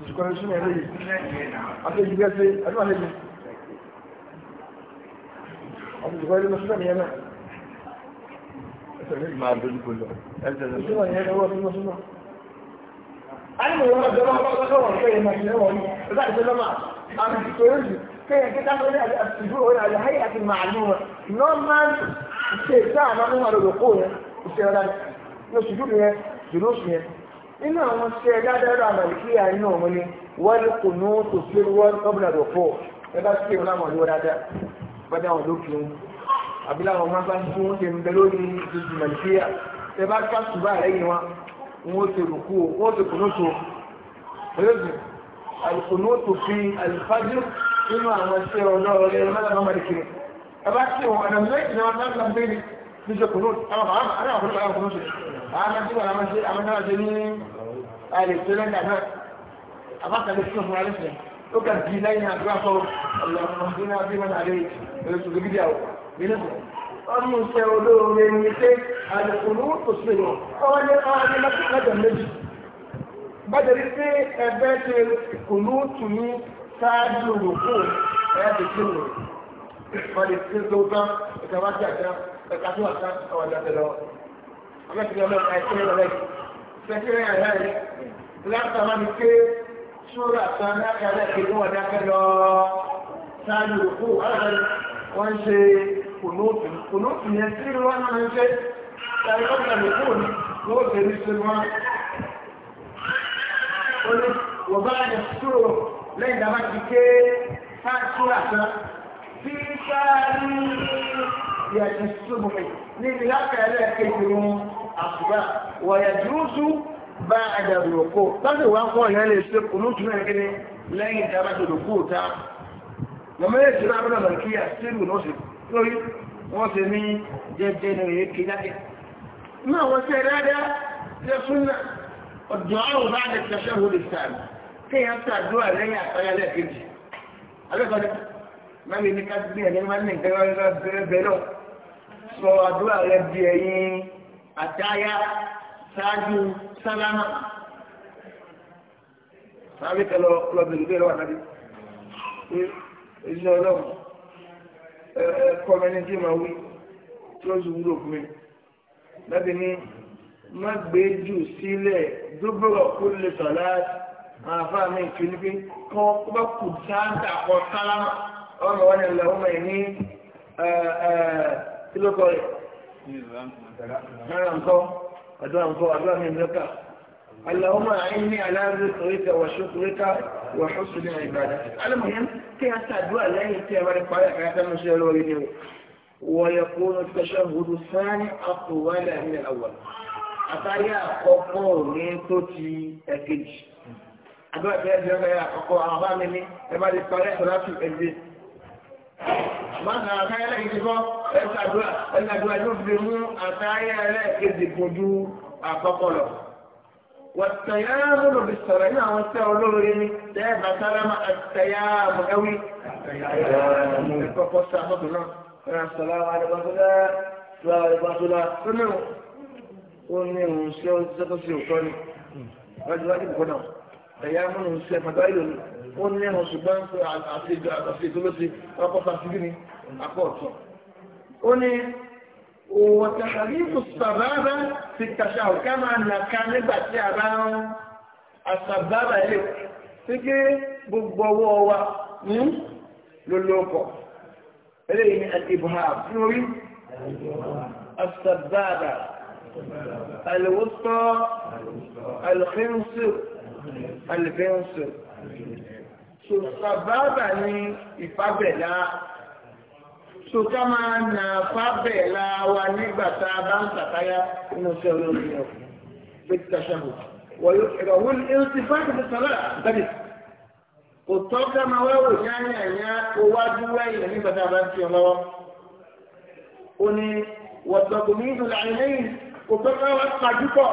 Ìjùkọ̀ ìṣúná ẹ̀rọ yìí. Àṣejù gẹ́sẹ̀, ẹ̀rọ àṣejù ọmọ ìgbà ilé mọ́sílẹ̀ yẹn náà ẹsẹ̀ ní ìgbà àdójúkọ lọ ẹsẹ̀ ní ìgbà yẹn lọ́wọ́ ní mọ́sílẹ̀ ayé wọn ọjọ́ máa bá sọ́kọ̀ wọn kéèyàn máa ṣẹlẹ̀ wọn ní ọjọ́ àti sọ́kọ̀ máa àmì ìtòròjì kéèyàn kí táwọn ilé àtìjú orí àyè ayé àti màálù wọn normal ṣe sáà máa ń wà lórí òkú yẹn ìṣe ọ̀dà ní oṣù dúdú yẹn dùnú oṣù yẹn nínú àwọn ṣe dáadáa àmàlùkíyà nínú ọmọ ni wọ́n kò ní oṣù tí wọ́n kọ́bùnà rò fọ́ ẹ bá ṣe ìwọ̀n àwọn ìwọ̀n dáadáa bọ́dá wọn lókè wọn àbí láwọn máa bá ń tún oúnjẹ ń bẹ lórí ìdíjú nàìjíríà tẹ bá ká ṣùgbọ́n àlẹ́yìn wọn wọn ó ṣe rùkú o wọn ó ṣe kùnúùtù olóògùn àlùkùnúùtù fi àlùfájú nínú àwọn iṣẹ́ ọlọ́ọ̀rẹ́ mẹ́lẹ́mọ́ mẹ́lẹ́kiri ẹ bá kí wọn ọ̀nà méjì náà máa ń lọ bẹ́ẹ̀ ní ṣe kùnúùtù àwọn àwọn àwọn àwọn kùnúùtù àwọn àti wọn àwọn náà ṣe ní àlè ó kà sí lẹ́yìn àgbáfọ́ ọ̀làmọ̀dúnrún abíwọ̀n àlẹ́ ìrẹsùn gidi àwọ̀ nínú ọmọ iṣẹ́ olóore ní pé àdìkùnú kò sí ìwọ̀n ọwọ́ ní ọwọ́ ní lọ́jọ́ méjì bájẹ̀rí pé ẹgbẹ́ ṣe kùnú tù ní ṣáájú òkú ẹ̀yà tó kí òun wọ́n lè ṣe tó tán ẹ̀ka wá sí àjá ẹ̀ka tó àjá ọwọ́ àjá tẹ̀lọ́ ọmọ ìṣẹ́ ọlọ́run àìsí ẹ̀rọ rẹ̀ ṣẹ́kẹ́rẹ́ àyà ṣúra kan lákàlẹ̀ kí ní wọ́n dákẹ́ lọ sáájú òkú ọ̀rẹ́ wọ́n ṣe kùnúùtù kùnúùtù yẹn tí wọ́n máa ń ṣe tàbí wọ́n gbà lókù ní wọ́n ṣe ní ṣe wọ́n ní wọ́n lẹ́yìn dábà ti ké ṣúra kan tí sáájú bá àdàbò òkú láti wá lè ṣe olóòtú náà lẹ́yìn tí a bá ti lò kú òta mọ̀mọ́ yẹn ti rábọ́dà nàìjíríà sílù náà sì lórí wọ́n ti ní jẹ́jẹ́ ní èyí kí jáde náà wọ́n ṣe dáadáa ṣe fún ọ̀dọ̀ àwọn bá àdẹ ṣẹṣẹ́ wọlé sáàmì kéèyàn ṣàdúrà lẹ́yìn máa ní ká gbìyànjú máa ní sálámà sábẹ́ kẹlọ lọ́bìnrin bẹ́ẹ̀ wà nábì ilé ọlọ́run kọ́mẹ́ni tí màá wí tí ó sì wúlò fún mi lábẹ́ ní má gbé jù sílẹ̀ dúbọ̀rọ̀ kó lè sọ̀lá àáfàá mi ìtúni pé kọ́ kó bá kù sáńtà kọ́ sálámà ọmọ wọn ni làwọn ọmọ yìí ní kílókọ̀ rẹ̀ àdúrà ń kọ́ àdúrà mi lọ́kà اللهم أعني على ذكرك وشكرك وحسن عبادتك المهم كي أستدعى الله يتبع لقاء حياة المشهور وليه ويكون التشهد الثاني أطول من الأول àtàyà àkọ́kọ́ من tó أكيد. ẹ̀kejì. Àdúrà tí ẹ jẹ́ ọ̀gá àkọ́kọ́ àwọn bá Máa káyẹ́ lẹ́yìn ti kọ́, ẹ̀sàdúrà, ẹ̀sàdúrà yóò fi mú àtàyẹ́ ẹlẹ́ẹ̀kejì kojú àkọ́kọ́ lọ. والتيامن بالسرعين والتولور يعني تابع سلام التيامن قوي السلام عليكم السلام عليكم السلام Oní òun ṣe ọ́ ṣẹ́kọ́ sí òkọ́ ni, ọjọ́ ìgbóná, ẹ̀yà mọ́nà òun ṣe fàdọ́ ìlú ni ó ní ẹran ṣùgbọ́n pé àti ìdúrótì ọkọ̀ta sí ní apọ̀ ọ̀tọ̀ ó ní òwò tàbí ìbùsàbára ti kàṣà òkà máa nàka nígbà tí a bá ń àṣàbára lè tí kí gbogbo ọwọ́ wa ní hmm, lólókọ̀ eléyìí ni àdìbòhà lórí àṣàbára alwusta alkhinsu alkhinsu sòsàbábà ni ìfábẹ̀lá sòká máa nà fábẹ̀lá wa nígbà tá a bá ń sàtáyà nínú sí ọlọ́run ní ọ̀fun bẹ́ẹ̀ ti ṣàṣàbò wọ́n ẹ̀rọ wọ́n ẹ̀rọ ti fáàkì ti sọ̀rọ̀ àbẹ́bẹ̀ kò tọ́ ká máa wá wò yáyà yá owájú wáyà nígbà tá a bá ń fi ọlọ́wọ́ ó ní wọ̀tọ̀kùn ní ìdùnnà àìlẹ́yìn kò tọ́ ká pàdúkọ̀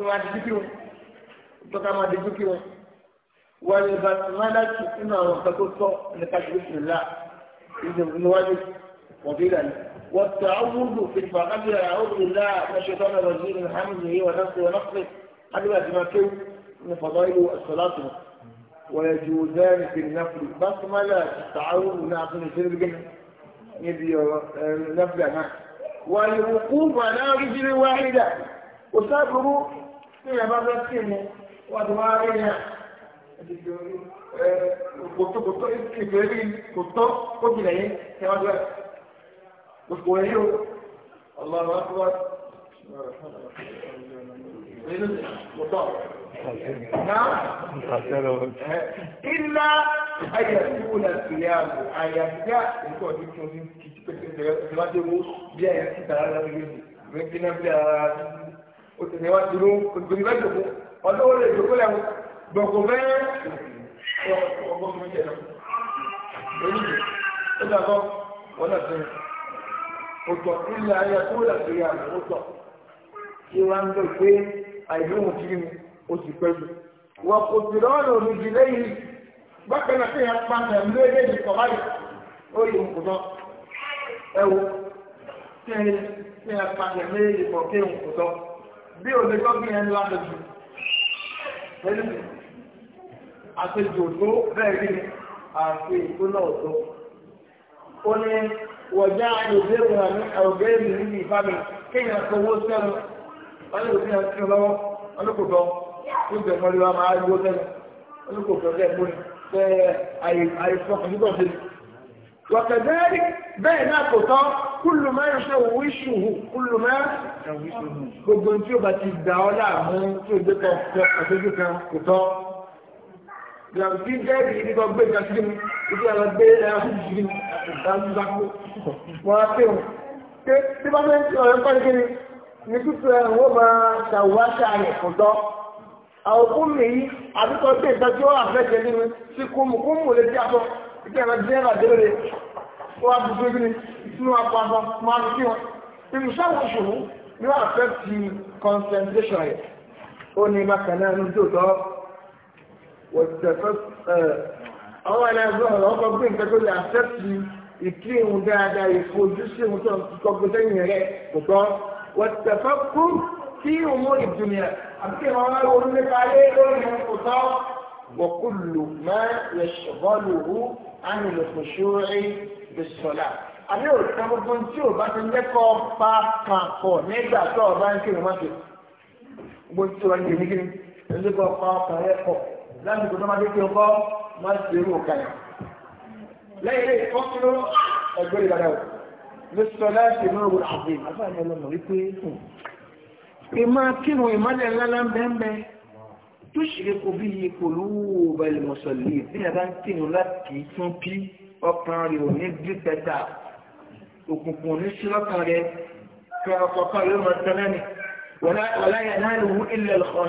ìwà àdìdíkì wọn kò tọ́ ká máa wọn. والبسملة إما وتكسر لكشف بسم الله إذا الواجب وفيلا والتعوذ في الفقد أعوذ بالله من الشيطان الرجيم من حمده ونفسه ونقصه هذا ما تمكن من فضائل الصلاة ويجوزان في النفل بسملة التعوذ من أعطينا سنة الجنه يبي نفل أنا والوقوف على رجل واحدة وسافروا الى بعض السنة وأدوارها kòtò kòtò ìfèrí kòtò ó jìnà yẹn ṣe wá gbà gbogbo ẹ̀ yóò ọlọ́run á tó wá. Ilá ayẹ̀dúgbòlà ìyáàbò àyàgbá nǹkan ọdún tí o ní kìtì pẹ̀lú ìdíwájú owó bí àyà sí tàrà lára lórí rẹ̀ bí náà bí ara ó ti ní wá dúró gbogbo ìbájú ọdún ó lè dókòlà wọn bọ̀kùnbẹ́ ọgbọ́n tó ń jẹ náà oníjẹ ó dàgbọ́ wọ́n náà sẹ́yìn òtọ̀ ilẹ̀ ayé tó wọ́n láti rí àmì òtọ̀ kí wọ́n á ń lò pé àìlóhùn kiri ni ó ti pẹ́ jù wọ́n kò sì lọ́ọ̀nà òmìnir lẹ́yìn bákan náà sẹ́yìn apá náà lóye ní kọ̀ọ̀báyì ó yẹ òkú náà ẹ wo sẹ́yìn sẹ́yìn bí òde gbọ́gbìn yẹn àtẹjù òtó bẹ́ẹ̀ rí àti ìkúnlẹ̀ òtó. ó ní wọ̀já ìdè ìwọ̀n ní ọ̀gá èmi nínú ìfami kéèyàn sanwó sẹ́nu ọlọ́dún ní ọtí lọ́wọ́ ọlọ́kùtọ̀ ó bẹ̀ mọ́lẹ́ wa máa yíwó sẹ́nu ọlọ́kùtọ̀ bẹ́ẹ̀ náà kò tán kúlù mẹ́rin ṣe wíṣùhù kúlù mẹ́rin gbogbo tí ó bá ti dà ọ́ láàmú tí ó gbé kan àtẹ́jú kan kò tán gbàgbé tí jẹ́ẹ̀dì yìí nígbà gbé ìjọsí mi ìdí àwọn gbé ẹ̀rọ sí ìjì mi láti bá kú wọn á pè wọn. pé tí bá fẹ́ ti ọ̀rẹ́ pàdé kiri ní tútù ẹ̀ wọ́n máa ṣàwùwá ṣàrẹ̀ kò tọ́. àwọn kúmù yìí àbíkọ pé ìtọ́jú wọn àfẹ́sẹ̀ ní mi sí kúmù kúmù lè dí àtọ ìdí àwọn jẹ́ẹ̀rọ àdéhùrẹ́ wọn á dúdú ibi ní ọwọ́ aláìsàn ọ̀rọ̀ ọkọ̀ gbé nǹkan tó lè àfẹ́tì ìkí ìhun dáadáa ìfojú sí ìhun tó ń kọ́gbé sẹ́yìn rẹ̀ kò tọ́ wọ́tẹ̀fẹ́ kú sí ìhun ìdùnnìyà àti ìhun ọmọ ẹ̀rọ nípa ayé lórí kò tọ́ wọ́kùlù máa yẹ ṣọ̀bọ́ọ̀lù hù ánì lòkùnṣó rí bìṣọ̀lá. àbí òrùka gbogbo tí ò bá ti lẹ́kọ̀ọ́ pa kan pọ̀ nígbà tó ọba ń kírun má ti gbogbo tí ò bá ń kírun kírun ẹ̀ láti kó tọ́mọdé kí o kọ́ wọ́n ti rú òkà yẹn. lẹ́yìn lè kọ́ kí ló ẹgbẹ́ ìbàdàn o ló sọ láti inú òwúrọ̀ àbí àbáyé ọlọ́mọ wípé hmm, ìmọ̀ kírun ìmọ̀lẹ̀ ńláńlá bẹ́ẹ̀ tó ṣe kò bí ipò lówó balẹ̀ mọ̀sọ̀lì bí ẹ bá ń kírun láti tún bí ọkàn rẹ̀ ò ní bí pẹ́ta òkùnkùn ní sílọ́kàn rẹ̀ kí ọkọ̀ kan ló mọ̀ tẹ́lẹ̀ ni wọ́n láyé náà lówó ilẹ̀ lọ́kọ̀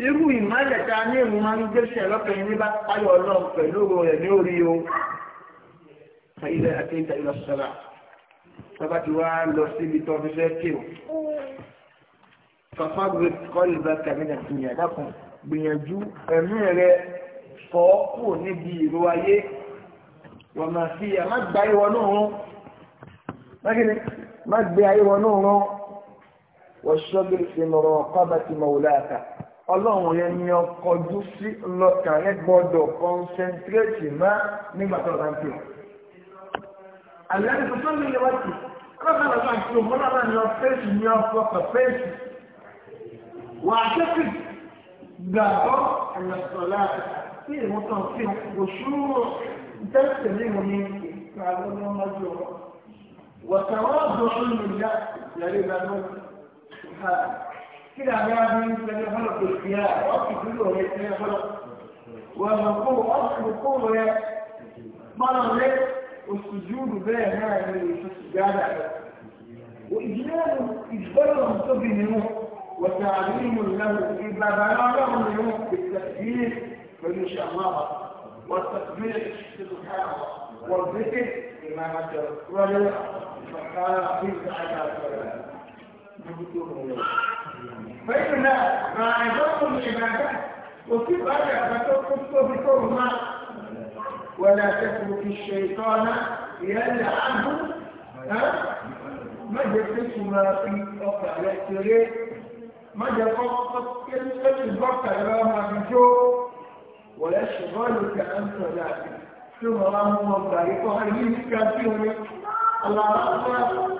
irú ìmọ̀lẹ̀ tá a ní èrò máa ń gbéṣẹ́ lọ́kàn ní bá páyọ̀ ọlọ́run pẹ̀lú rẹ̀ ní orí o. ilẹ̀ àti ìta ìlọ sọ̀rọ̀ bàbá ti wá lọ síbi tó fi fẹ́ kí o. fàfà gbé kọ́lì bá kàmínà tìyàn dákun gbìyànjú ẹ̀mí rẹ fọ́ kù níbi ìró ayé wọ́n máa fi àmà gba ìwọ náà rán. mákìní má gbé ayé wọn náà wọ́n ṣọ́gbìn sí ọ̀kọ́ bá ti mọ̀ wò láàkà ọlọ́run yẹn ni ọkọjú sí lọ́kàn rẹ gbọ́dọ̀ kọ́ńsẹ́ntrétì má nígbà tó bá ń pè. àlẹ́ ìfúnfún mi lè wá sí ọlọ́run náà bá ń tó mọ́ náà ní ọ́fẹ́sì ní ọkọ̀ pẹ̀fẹ́sì. wà á tẹ́sí gbàgbọ́ ẹ̀yọ̀sọ̀lá sí ìmúntàn sí oṣù tẹ́sí ní ìwọ̀n ní ìgbà lọ́wọ́ ọmọdé ọ̀rọ̀. wọ̀tàwọ́ ọ̀dọ́ كلا باب يمكن خلق الخيار وأصل كله يمكن خلق والركوع أصل الركوع مرض والسجود به هذه السجادة وإجلال إجبارهم تبنهم وتعليم له إذا بلغهم اليوم بالتكبير فإن شاء الله والتكبير سبحان الله والذكر إمامة الرجل فقال في سعادة الله فإن ما عظم العبادات وكيف أجل فتوقف بكرهما ولا تترك الشيطان يلعنه ما جبتش ما في أقع يحتري ما جبت كلمة البقى لما بجو ولا شغالك أن صلاتي ثم رحمه الله يقول هل يمكن فيهم الله أكبر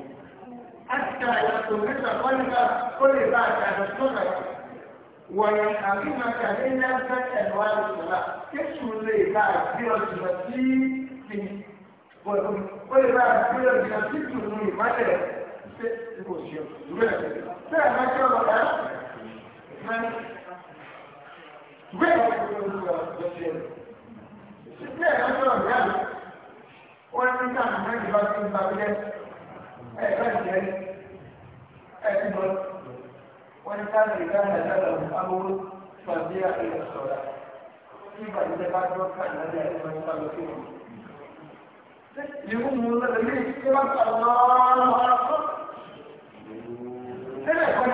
حتى يطمس قلبك كل بعد أن الصلاة ويحاكمك إلا في أنواع الصلاة كيف لي بعد بيرة المسيح كل بعد بيرة المسيح تقولي ماذا فما شاء الله Bẹ́ẹ̀ ni wọ́n ń lọ sí ọ̀sẹ̀. Ṣé bẹ́ẹ̀ wọ́n ń ní ká àwọn ẹgbẹ́ bá ti ń ba bílẹ̀. وإن كان إذا نزله الأمر فارجع إلى الصلاة. كيف إذا بعد وقت الذي يصلي فيه؟ يقوم المتدلل كما الله أكبر. هذا يقول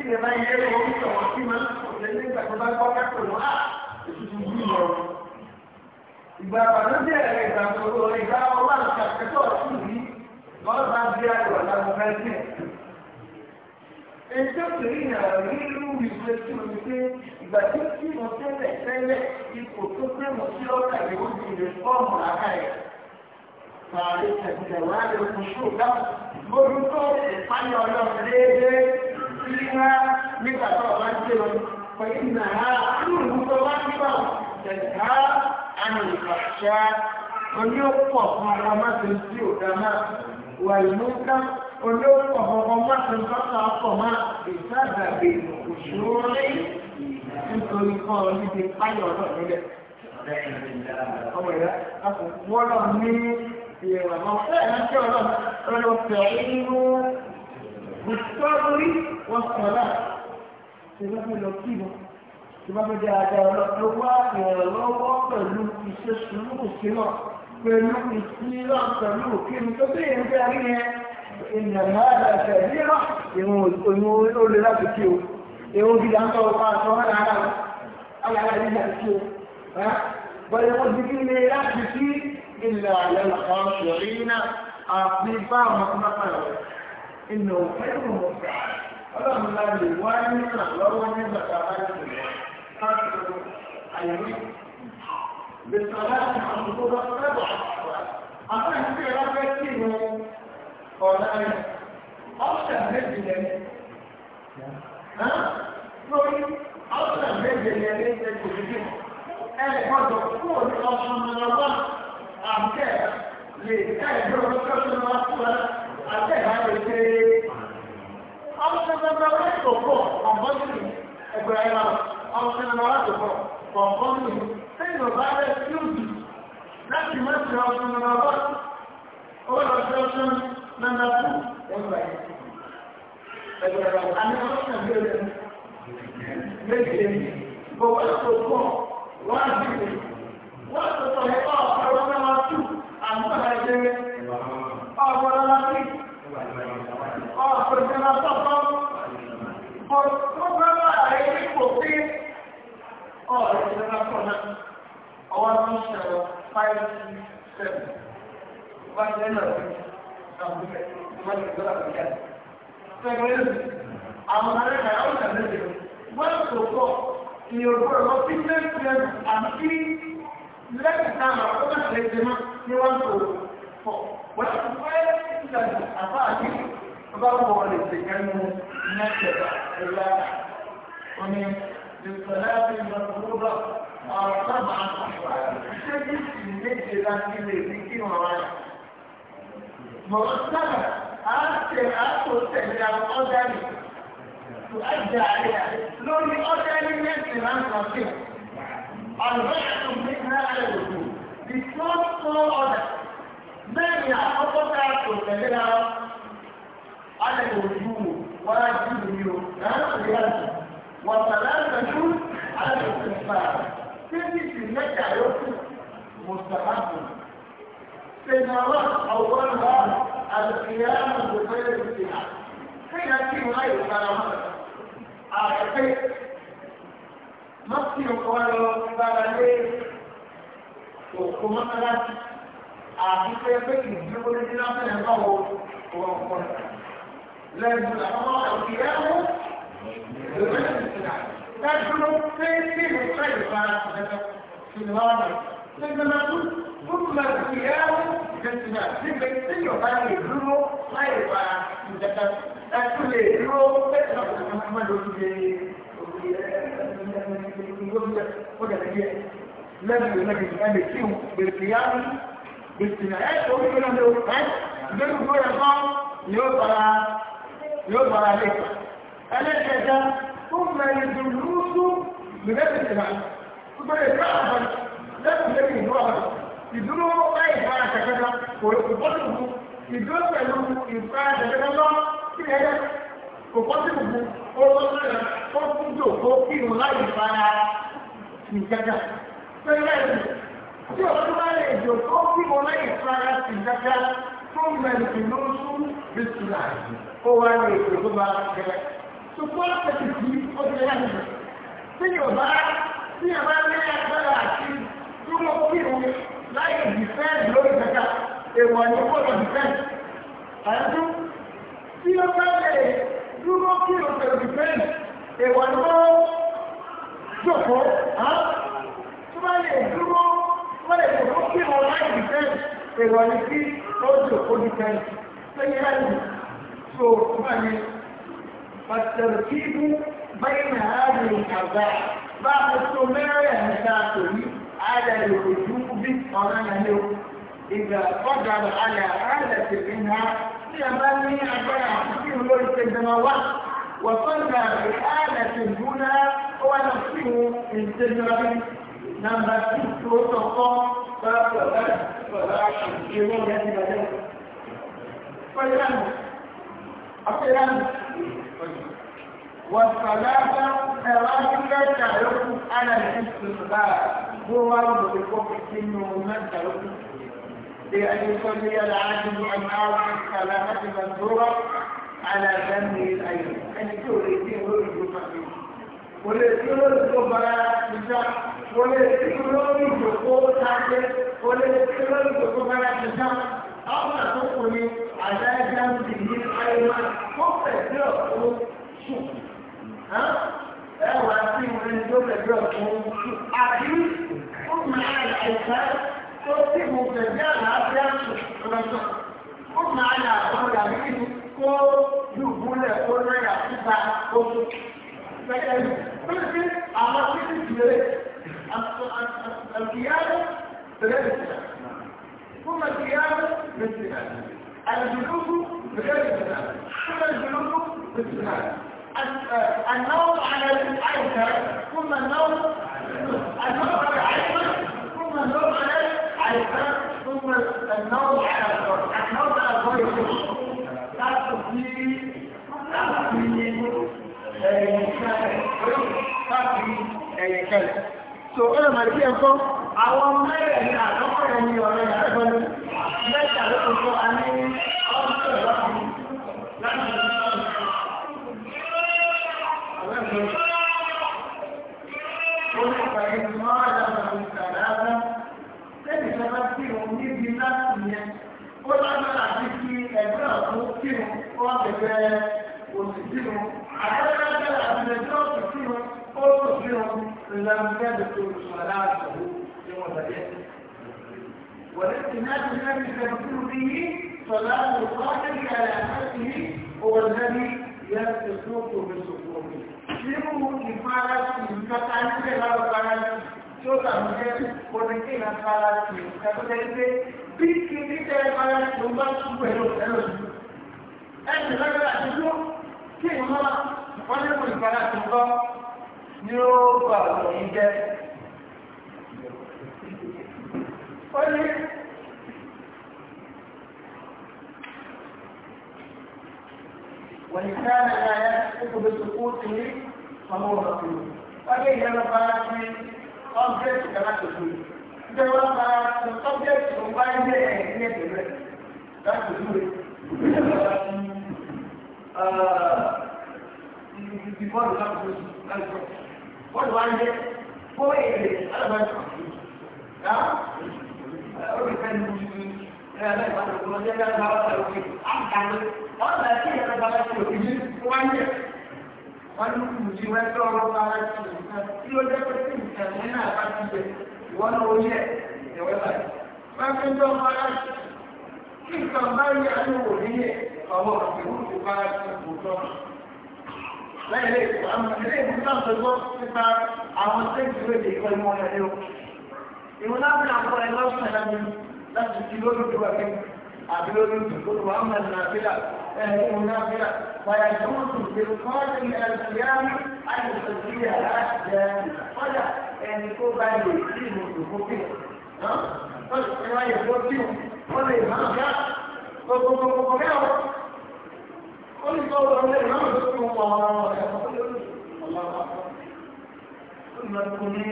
Tidak main dia, orang kita, orang kita, orang kita, orang kita, orang kita, orang kita, orang kita, orang kita, orang kita, orang kita, orang kita, ìgbà àbànújẹ́ rẹ̀ ìgbà àbúrò ìgbà ọlá ìṣàkẹ́tọ̀ sí yìí wọ́n bá bí ayọ̀ lábọ́ mẹ́sìn. Ẹjọ́ kìí yàn rí irú ìwé tí o ní ìgbà tí mo tẹ́lẹ̀ tẹ́lẹ̀ ipò tó mo sí ìwé fọ́ọ̀mù ẹ̀. lórí tó nígbà tó ń lọ. Pẹ̀lú ìgbà náà, tó wá nígbà àmì ìfàṣà oníòpọ̀ fún ọmọ mẹ́sàn sí òdà náà wà ìmúká oníòpọ̀ fún ọmọ mẹ́sàn tọ́ta ọkọ̀ máa ìsáàdà bèèrè òṣòro rí nítorí kọ́ níbi páyọ̀ náà nílẹ̀. ọmọ ìyá wọ́n lọ ní ìrànlọ́wọ́ fẹ́ẹ̀ náà kí ọlọ́run ọlọ́fẹ́ inú bùsọ́rí wọ́n sọ̀rọ̀ ṣe lọ́fẹ́ lọ tí wọ́n fẹ́ dáadáa lọ ẹ wá ìrànlọ́wọ́ pẹ̀lú iṣẹ́ sùúrù sílọ̀ pẹ̀lú ìsílọ̀ pẹ̀lú kíni tó bí èyí bẹ́ẹ̀ rí yẹn ìnàmọ́ àdàṣẹ ìdíra ìwọ̀n olè láti kí o èwo bí dáńtọ́ ọ̀pá àtọ́ wọn lára alára yìí láti kí o bọ́lá wọn ti kí ni láti kí ilẹ̀ àlẹ́ làwọn ṣòrí náà àfi bá àwọn ọmọ náà rẹ̀ ìnà òfin ìrùmọ̀ta ọlọ́run láti wá ní ìrànlọ́wọ́ nígbà tá a bá ti wọ́n. قتل اليمين عن الصورة سبع أصلا في رفع كيلو ولا أنا أصلا بدل ها؟ سوري أصلا بدل يمين تجدين أنا برضه كل أصلا من الله عم كده ليه؟ أنا برضه كل من الله ẹgbẹ́ ẹ̀rọ ọmọ nínú ọ̀rọ̀ àtọ̀kọ̀ kọ̀ọ̀kan ní sẹ́yìn ọ̀bá rẹ̀ tí ó dì láti má ti ọmọ nínú ọ̀rọ̀ owó lọ sí ọ̀ṣun nínú ọ̀rọ̀ ẹgbẹ́ ẹgbẹ́ ẹ̀rọ àmì ọ̀ṣun bẹ̀rẹ̀ méje gbogbo ẹ̀kọ́ pọ̀ wọ́n á sì wọ́n á sọ̀tọ̀ ẹ̀kọ́ ọ̀rọ̀ náà tù àmọ́ ẹ̀jẹ̀ ọ̀rọ̀ láti ọ̀pọ̀ ìjọba ọ̀rẹ́ ìjọba pọ̀ náà ọwọ́ tó ń ṣẹ̀rọ five six seven wọ́n ti lẹ́nu ọ̀rẹ́ ìjọba ìjọba ìjọba ìjọba Fẹ̀gbẹ́rẹ́ àwọn arẹ́gbẹ̀rẹ́ àwọn ìṣàlẹ̀ wọ́n tó pọ̀ ní ọgbọ́n ọ̀rọ̀ fitness level àti lẹ́yìn náà ó máa lè jẹ mọ́ ní wọ́n tó pọ̀. Wọ́n ti fẹ́ ìṣàlẹ̀ àbáàdì ọba wọ̀ ọ̀rẹ́ ìṣèkẹ́ nínú ní ẹ̀ṣẹ̀ ìlànà. للصلاة المفروضة أربعة أحوال الشيء النجي لكن يمكن ورايا مرتبة آخر آخر تهدى القدم تؤدى عليها لو لقدم الناس لمن تصير أربعة منها على الوجود بكل صورة من يعقبك تهدى على الوجود واجب اليوم ها وثلاثة على الاستغفار تجد انك يوسف مستحب سنرى اولها القيام بغير الاجتهاد حين يكون غير كلامك عارفين مصر قالوا بلدي وكما قالت عارفين بين يقول لنا من الله هو لازم الامر القيام تدخل في في مختلف سنوانا ثم نقول ثم القيام بالسماء ثم يستيقظ هذه الظلم خير مدة أكل اليوم تشرب محمد في لم يمكن أن يتم بالقيام بالسماءات ومن أنه قد بالقرآن يوصل يوصل عليك ẹlẹ́kẹta tó mẹ́rin dùnúsù lùdẹ́sì ìgbà gbogbo ìgbà àbọ̀n lẹ́kùn lẹ́kùn ìlú àbọ̀n ìdúró láì fa àtẹ̀kẹta kò pọ́sì bù ìdúró pẹ̀lú ìfà àtẹ̀kẹta lọ sí ẹ̀yẹ kò pọ́sì bù owó náà ó tún jò ó kírun láì fa ìjẹta pẹ̀lú ẹ̀sìn tí o tó bá lè jò ó kírun láì fa ìjẹta tó mẹ́rin dùnúsù bí tùlà ó wá lè jò bá gẹ́gẹ́ tó kọ́ pẹ̀lú sí ọjọ́ yá nìyẹn. Tí yóò bá tí yóò bá ní agbára àti túmọ̀ kírun láyé dìfẹ́ǹsì lórí kẹta, èèwọ̀ ni kò lọ dìfẹ́ǹsì. Àyájú tí ó bá lè dúró kírun pẹ̀lú dìfẹ́ǹsì, èèwọ̀ ni kò jòkó. Tó bá lè dúró tó bá lè dúró kírun láyé dìfẹ́ǹsì, èèwọ̀ ni kí ó jòkó dìfẹ́ǹsì. Sẹ́yìn láyé so báyìí. فالتركيب بين هذه الأرباع بعض السماء يهتاكل على الوجوب قرنه إذا قدر على آلة منها يبني أربعة كثير ليس دموات وصلنا بآلة هنا نفسه من تجربة نمبر 6 وتقام فلا فلا يوجد بدل فلا أخيرا والصلاة رجل على الاستقبال هو بحكم سنه من تعرف لأن يصلي العاجز عن أعرف السلامة منظورة على جنبه الأيمن أن تريده الجفن ولكن الجبراء نجاح ولكن الجبراء تاجر ولكن الجبراء نجاح أو تقولي على جنبه الأيمن ẹgbẹ́ ọ̀tún sùn ẹwà tí mo ní tó bẹ̀rẹ̀ ọ̀tún sùn àbí ó máa yà ẹ̀ka tó tí mo bẹ̀rẹ̀ àlàáfíà sùn lọ́sọ̀ ó máa yà àwọn ìyàwó yìí kó dùbúlẹ̀ kó lọ́yà síta oṣù pẹ̀lẹ́ ó lè fi àwọn títí tìlẹ̀ àtìyáwó tẹ̀lé nìkan fún màtìyáwó nìkan àlùjù lókù. بغير الجهاد حتى الجنود بالجهاد النوم على العيشة ثم النوم النوم على العيشة ثم النوم على العيشة ثم النوم على الفرد النوم على الفرد تقضي تقضي ẹ̀yìn kẹlẹ̀. So, ó lọ màrí kí ẹ kọ́, àwọn mẹ́rẹ̀ ní àkọ́kọ́ ẹni ọ̀rẹ́ ìrẹ́gbọ́n mẹ́ta ló kọ́ a ní لم تدخل صلاته يوم القيامه والاعتماد الذي تدخل به صلاة القائم على نفسه هو الذي يسقط بسقوطه nínú ìfara sí ìkàtà ìpínlẹ̀ lárúbára sí tí ó tà ní jẹ́ oníkè náà fara sí ìkàtà ìpé bí kí ní tẹ́lẹ̀ fara sí ó bá tún pẹ̀lú ẹ̀rọ sí ẹ̀sìn lọ́gbẹ̀rẹ̀ àtijọ́ kí ìmọ̀ wọ́n ní kò ìfara sí lọ ni ó ولسان لا يسقط بسقوطه فهو رسول ọjọ́ ìjọba fara sí ọ́bẹ̀tì kàrà tòṣù ìjọba fara sí ọ́bẹ̀tì tó bá ń gbé ẹ̀yìn ní ẹ̀sẹ̀ rẹ̀ láti òṣù rẹ̀ ìjọba sí ibi bọ́ọ̀lù láti òṣù láti òṣù bọ́ọ̀lù wá ń jẹ́ kó èrè alábàáṣà náà wọ́n ní kùn jí wọ́n tó ọ̀rọ̀ bá wáyé nǹkan tí ó jẹ́ pé tí nǹkan ní náà bá ti jẹ ìwọ́n náà ó yẹ ẹ̀wẹ́ báyìí. wọ́n fi ń jọ ọmọ aláṣẹ kí nǹkan báyìí àlúwò níyẹ ọmọ ìlú ti bá ti kù tọ́. lẹ́yìn lè kó àwọn ilé ìbùsọ̀ tó gbọ́ nípa àwọn tó ń dúró de ìkọ́ ìmọ̀ ẹ̀rọ. ìwọ́n náà fi àkọ́ ẹ̀ láti kí lórí ìdúrà kí àbí lórí ìdúró wà mọ̀ nàfílà ẹ̀hún nàfílà wàyà ìdúró tó ṣe kọ́ọ̀tù ìyàmú àyẹ̀sọ̀tì yàrá jẹ́ kọ́dà ẹni tó bá lè sí ìmọ̀tò fókè. Wọ́n ti wáyé fókè wọ́n lè máa gbá gbogbogbò mẹ́wọ̀. Ó ní kọ́ wọn lè máa tó fún wọn ẹ̀fọ́ lórí ọ̀la wọn. Ó ní wọn kún ní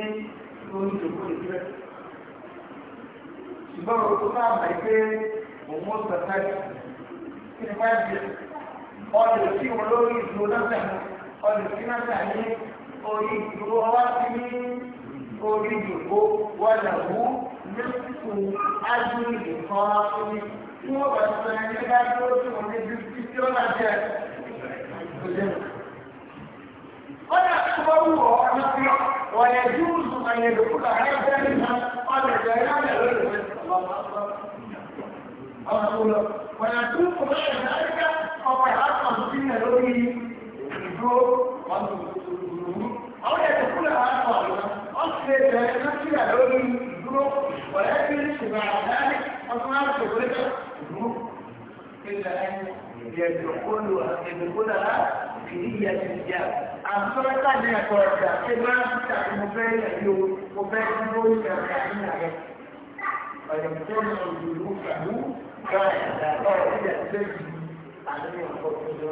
lórí ìdókòwò ìgbẹ́ ṣùgbọ́n o tó náà mọ̀ pé òun ó sọ̀tà kí ni wọ́n di ọdún tí wọn lórí ìdúró náà ọdún tí náà ní orí ìdúró ọwá ti ní orí ìdúró wọn là wú lẹ́sìkò ájúrì nìkan tó ní tí wọ́n bá sọ ẹni bá dúró tí wọ́n ní bí tí ó náà jẹ́ kò jẹ́ ولا تبروها مصر ويجوز من يدخل عليها منها قال الجلال غير الله اكبر ويكون بعد ذلك صفحات من لوي أو يدخلها طالبا أصل نفسها لوي ولكن بعد ذلك أصنع شغلته إلا أن يدخلها ìdíyà ìdíyà àtúntà ní ẹ̀kọ́ ọ̀dà ṣe máa ń tà ní mo fẹ́ ẹ̀yọ mo fẹ́ kí ó ń tẹ̀ ọ̀dà ní ààrẹ ọ̀dà tó ń lọ ìlú pẹ̀lú gbà ẹ̀dà ọ̀rọ̀ ìdíyà ìdíyà àdéhùn ọ̀pọ̀ tó lọ.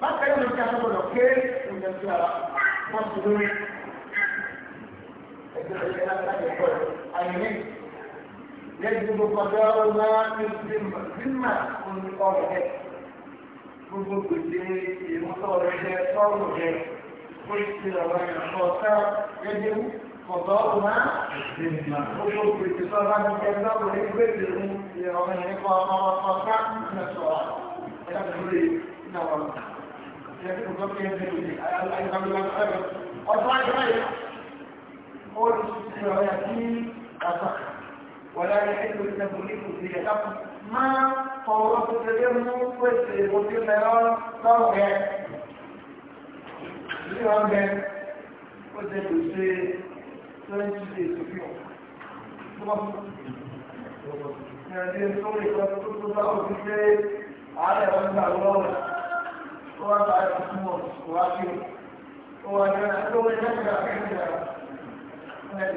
bákan náà ló ti àtúgbọ̀dọ̀ ké ìdẹ̀sí ara wọ́n ti lórí ẹgbẹ́ ìṣẹ́ láti ẹ̀kọ́ àyẹ̀mí lẹ́yìn gbogbo kọjá ọ̀rọ̀ náà ní gbogbo gbèsè ìmúsọ̀ rẹ̀ jẹ́ tọ́rọ̀ rẹ̀ kó ṣe àwọn ìrìnàṣọ́ ọ̀tá gẹ́gẹ́ ọ̀dọ́ ọ̀nà gbogbo gbèsè tó bá ti jẹ́ tọ́rọ̀ rẹ̀ gbèsè mú ìrọ̀rùn nípa ọmọ ọ̀tá mẹ́sọ̀ ọ̀tá ìgbàlódé náà wà ولا يحل التمليك في الحق ما فورت تجمع وسيء وسيء طوعا لأنه وسيء وسيء تنجي سفيو يعني سوري قد تطلع في البيت على وزع الله وضع الأسمور وعشير وأنا أدور لك أحد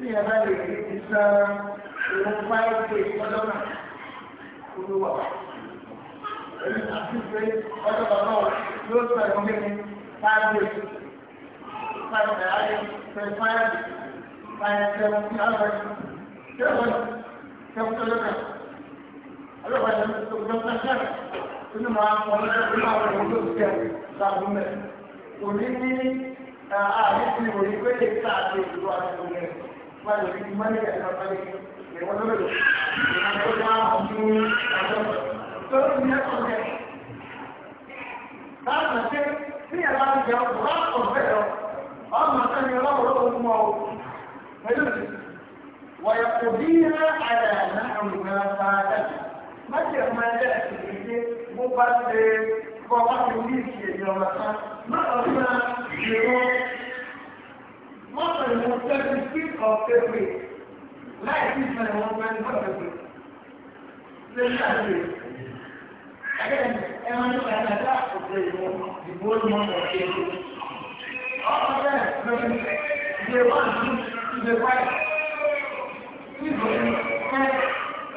tí ẹ bá lè rí ti san ìwọ̀n fáìlì ọlọ́nà olúwa èyí àti pé ọjọ́ bàbá wa yóò sọ ìwọ̀n mi ní fáìlì fáìlì ayé fáìlì fáìlì tẹ̀wọ̀n tí a lọ tẹ̀wọ̀n tẹ̀wọ̀n ọlọ́nà ọlọ́wọ́ ẹ̀ tó gbọ́dọ̀ sáré nínú àwọn ọmọdé tó máa wọ̀ ní oṣù kẹrin láàbù mẹ́rin òní ní àárín tí mo ní pé lè ká àti ìlú àti ìlú mẹ́rin. ويقضيها على نحو ما فاتت ما ما يأتي به مبادئ ووحي ويكي يوم ما أردنا ìwọ̀n twenty six of april láì sí ìmọ̀ ìwọ̀n twenty four of april lórí àgbè ẹ̀wọ̀n ní wàhálà dá òkè ìwọ̀n ìbò ìmọ̀ ọ̀kẹ́ ìwọ̀n ọkọ̀ bẹ́ẹ̀ lórí ìdè one two ìdè five ìdè ten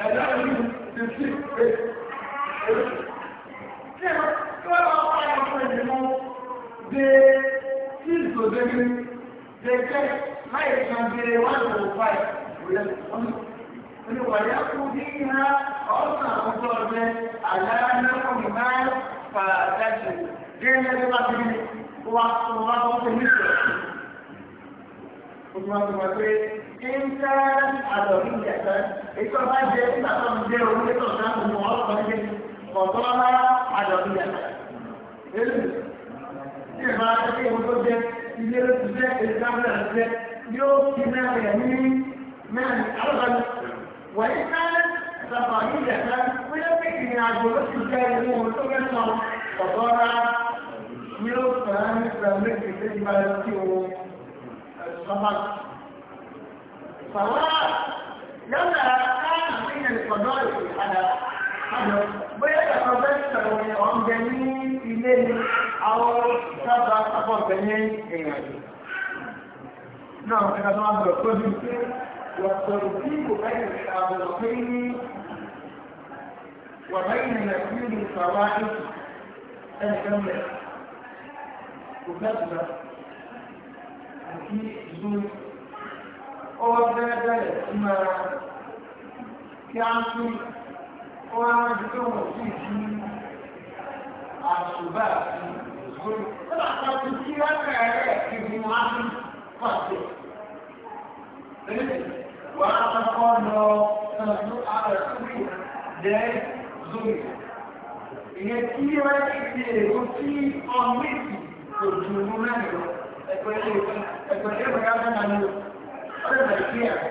ẹ̀dá ìlú fifteen eight eight. Ṣé o tí wọ́n bá wọ́n yà fún ìdìbò dé six to jẹjẹ láì san gbére one point five oníwàlẹ́ kú bí iná ọ̀sán ọjọ́ ọ̀gbẹ́ àlàáfíà ní máa fàdájú gẹ́gẹ́ bí wọ́n ti ní wá fún wa kó tó níṣẹ́. Oṣù Màtòmá pé ẹ̀ńtà àdọ̀bí ìjàkà ètò ọba jẹ nígbà tó ń jẹ owó ètò ọ̀sán ọmọ ọ̀sán jẹ ọ̀tọ́lá àdọ̀bí ìjàkà. Èlù, ìrìnà àti ìwé tó jẹ ilé ló ti jẹ́ ìdáhùn náà jẹ́ yóò fi náà rẹ̀ ní mẹ́rin àrùbọ̀n wọ̀nyí sáré ìsàpà yìí rẹ̀ náà wọ́n yóò fi ìrìn àjò ló ti jẹ́ ìwọ̀n ohun tó fẹ́ sọ ọ̀dọ́ ra yóò fẹ́ nípa méjì tó ti balẹ̀ sí ohun ẹ̀sọ́mà. Fàwọn yọ̀ọ̀dà káàkiri ìpọ̀dọ́ ìpàdà bóyá ìjọba bẹ́ẹ̀ sọ̀rọ̀ ni ọ̀ ń bẹ ní ilé ni àwọn sábà sábà ń bẹ ní ìrìn àjò. náà ẹ̀ka tó máa ń bọ̀ tó ju pé wàtòrò tí kò bẹ́ẹ̀ àbọ̀rọ̀ pé ní wàbẹ́yìn rẹ̀ sí ìlú sàwá ètò ẹnìkan rẹ̀ kò bẹ́ẹ̀ tó àti ìlú ọwọ́ bẹ́ẹ̀ bẹ́ẹ̀ sí máa kí á ń tún wọ́n á rántí pé wọ́n sì fi àṣùbà àti ìṣòro. ó bá ta ti kí rákà rẹ̀ kí ni wọ́n á fi pàṣẹ. wọ́n á kọ́kọ́ lọ sọ̀tún àrẹ̀sùnmí jẹ́ zoe. ìyẹn tí wọ́n ti fi èrò sí ọ̀mìtì kò ju mú mẹ́rin lọ. ẹgbẹ́ ilé ẹgbẹ́ ilé ìgbàgbọ́ náà ló. ó lè bẹ̀rẹ̀ kí ẹ̀rọ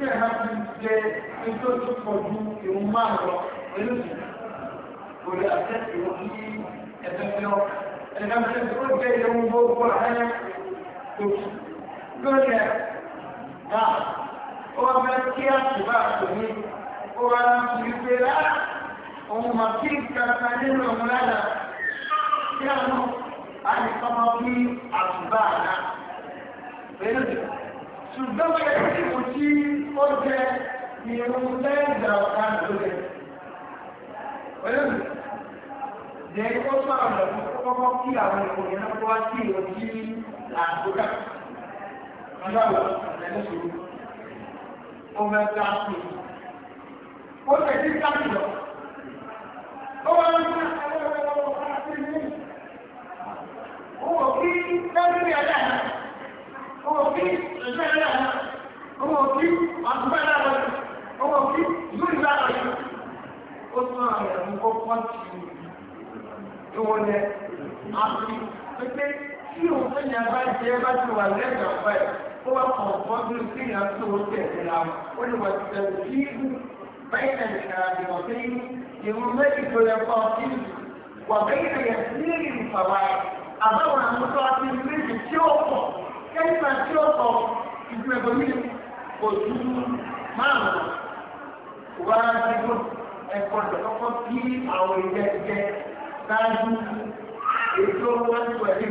tí ẹ̀rọ ti jẹ ètò tó pọ̀ ju ìwọ̀n máa lọ pẹ̀lú sí kò lè àṣẹ ìwọ̀n ní ẹ̀fẹ́ fi lọ. Ẹ̀ka ṣe tó jẹ ìwọ̀n gbogbo àárín tó lórí ẹ̀ náà ó wá fẹ́ kí àtúbà tó ní ó wá láti pé rárá òun mà kí kàkà nínú ọmọ rárá kí àwọn àyíká máa fi àtúbà náà pẹ̀lú sí ṣùgbọ́n ṣe kí kò tí ó jẹ irun lẹ́ẹ̀dà ọ̀kan tó lẹ̀. pẹ̀lú jẹ́ ó sọ̀rọ̀ lọ́dún tó kọ́kọ́ kí àwọn ìkòyè náà tó wá sí ìrò tí àgbókà ọlọ́rọ̀ lẹ́nu sọ̀rọ̀ ó fẹ́ ká sí ó lè owó kí ìṣẹ́ náà owó kí àtúbẹ̀ náà lọ owó kí ìlú ìlà lọ yìí ó tún àwọn ẹ̀rọ kó pọ́ǹtì ìwọ yẹ àti pépé tí òun fẹ́ yẹn bá jẹ́ bá ti wà lẹ́yìn ọ̀pá ẹ̀ ó wà kàn fọ́n bí kí ìyá tó o tẹ̀ ẹ̀ la ó lè wà tẹ̀ sí ìlú báyìí náà nìkan àdìmọ̀ sí ìlú méjì tó yẹ kọ́ sí ìlú wà bẹ́ẹ̀ yẹ sí ìlú fàwa àbáwọn àmútọ́ àti méjì kẹ́lífà tí ó kọ ìlú ẹ̀bọ̀ yìí kò ju márùn-ún wá dúró ẹ̀kọ́ ìdọ̀kọ́kọ́ kí àwọn ìjẹ jẹ ṣáájú ètò wọn tó ẹ̀rí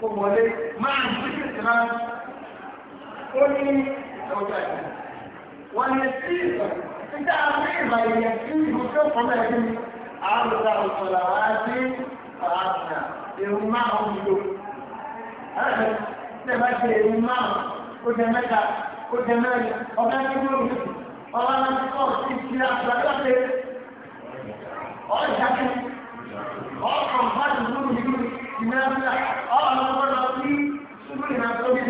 kó wọlé máa ń títí síra ó ní ọjà ìlú wọn lè sí ìgbà nígbà tí ìgbà ìyẹn tí ìlú tó kọ́ mẹ́rin àwọn ìgbà òṣèlú àwọn àti ààbò ìrùn máa ń lò tẹ̀bá ṣe èrè márùn-ún ó jẹ mẹ́ta ó jẹ mẹ́rin ọ̀gá ní gbòòrò ọ̀gá ní kọ́ọ̀ sí ti àgbàdo ṣe ọ̀ọ́jà kí ọ̀ọ́kàn bá ti gbòòrò nínú ìnáwó ọ̀ọ́nà ọ̀gá sí ṣubú ìnáwó bí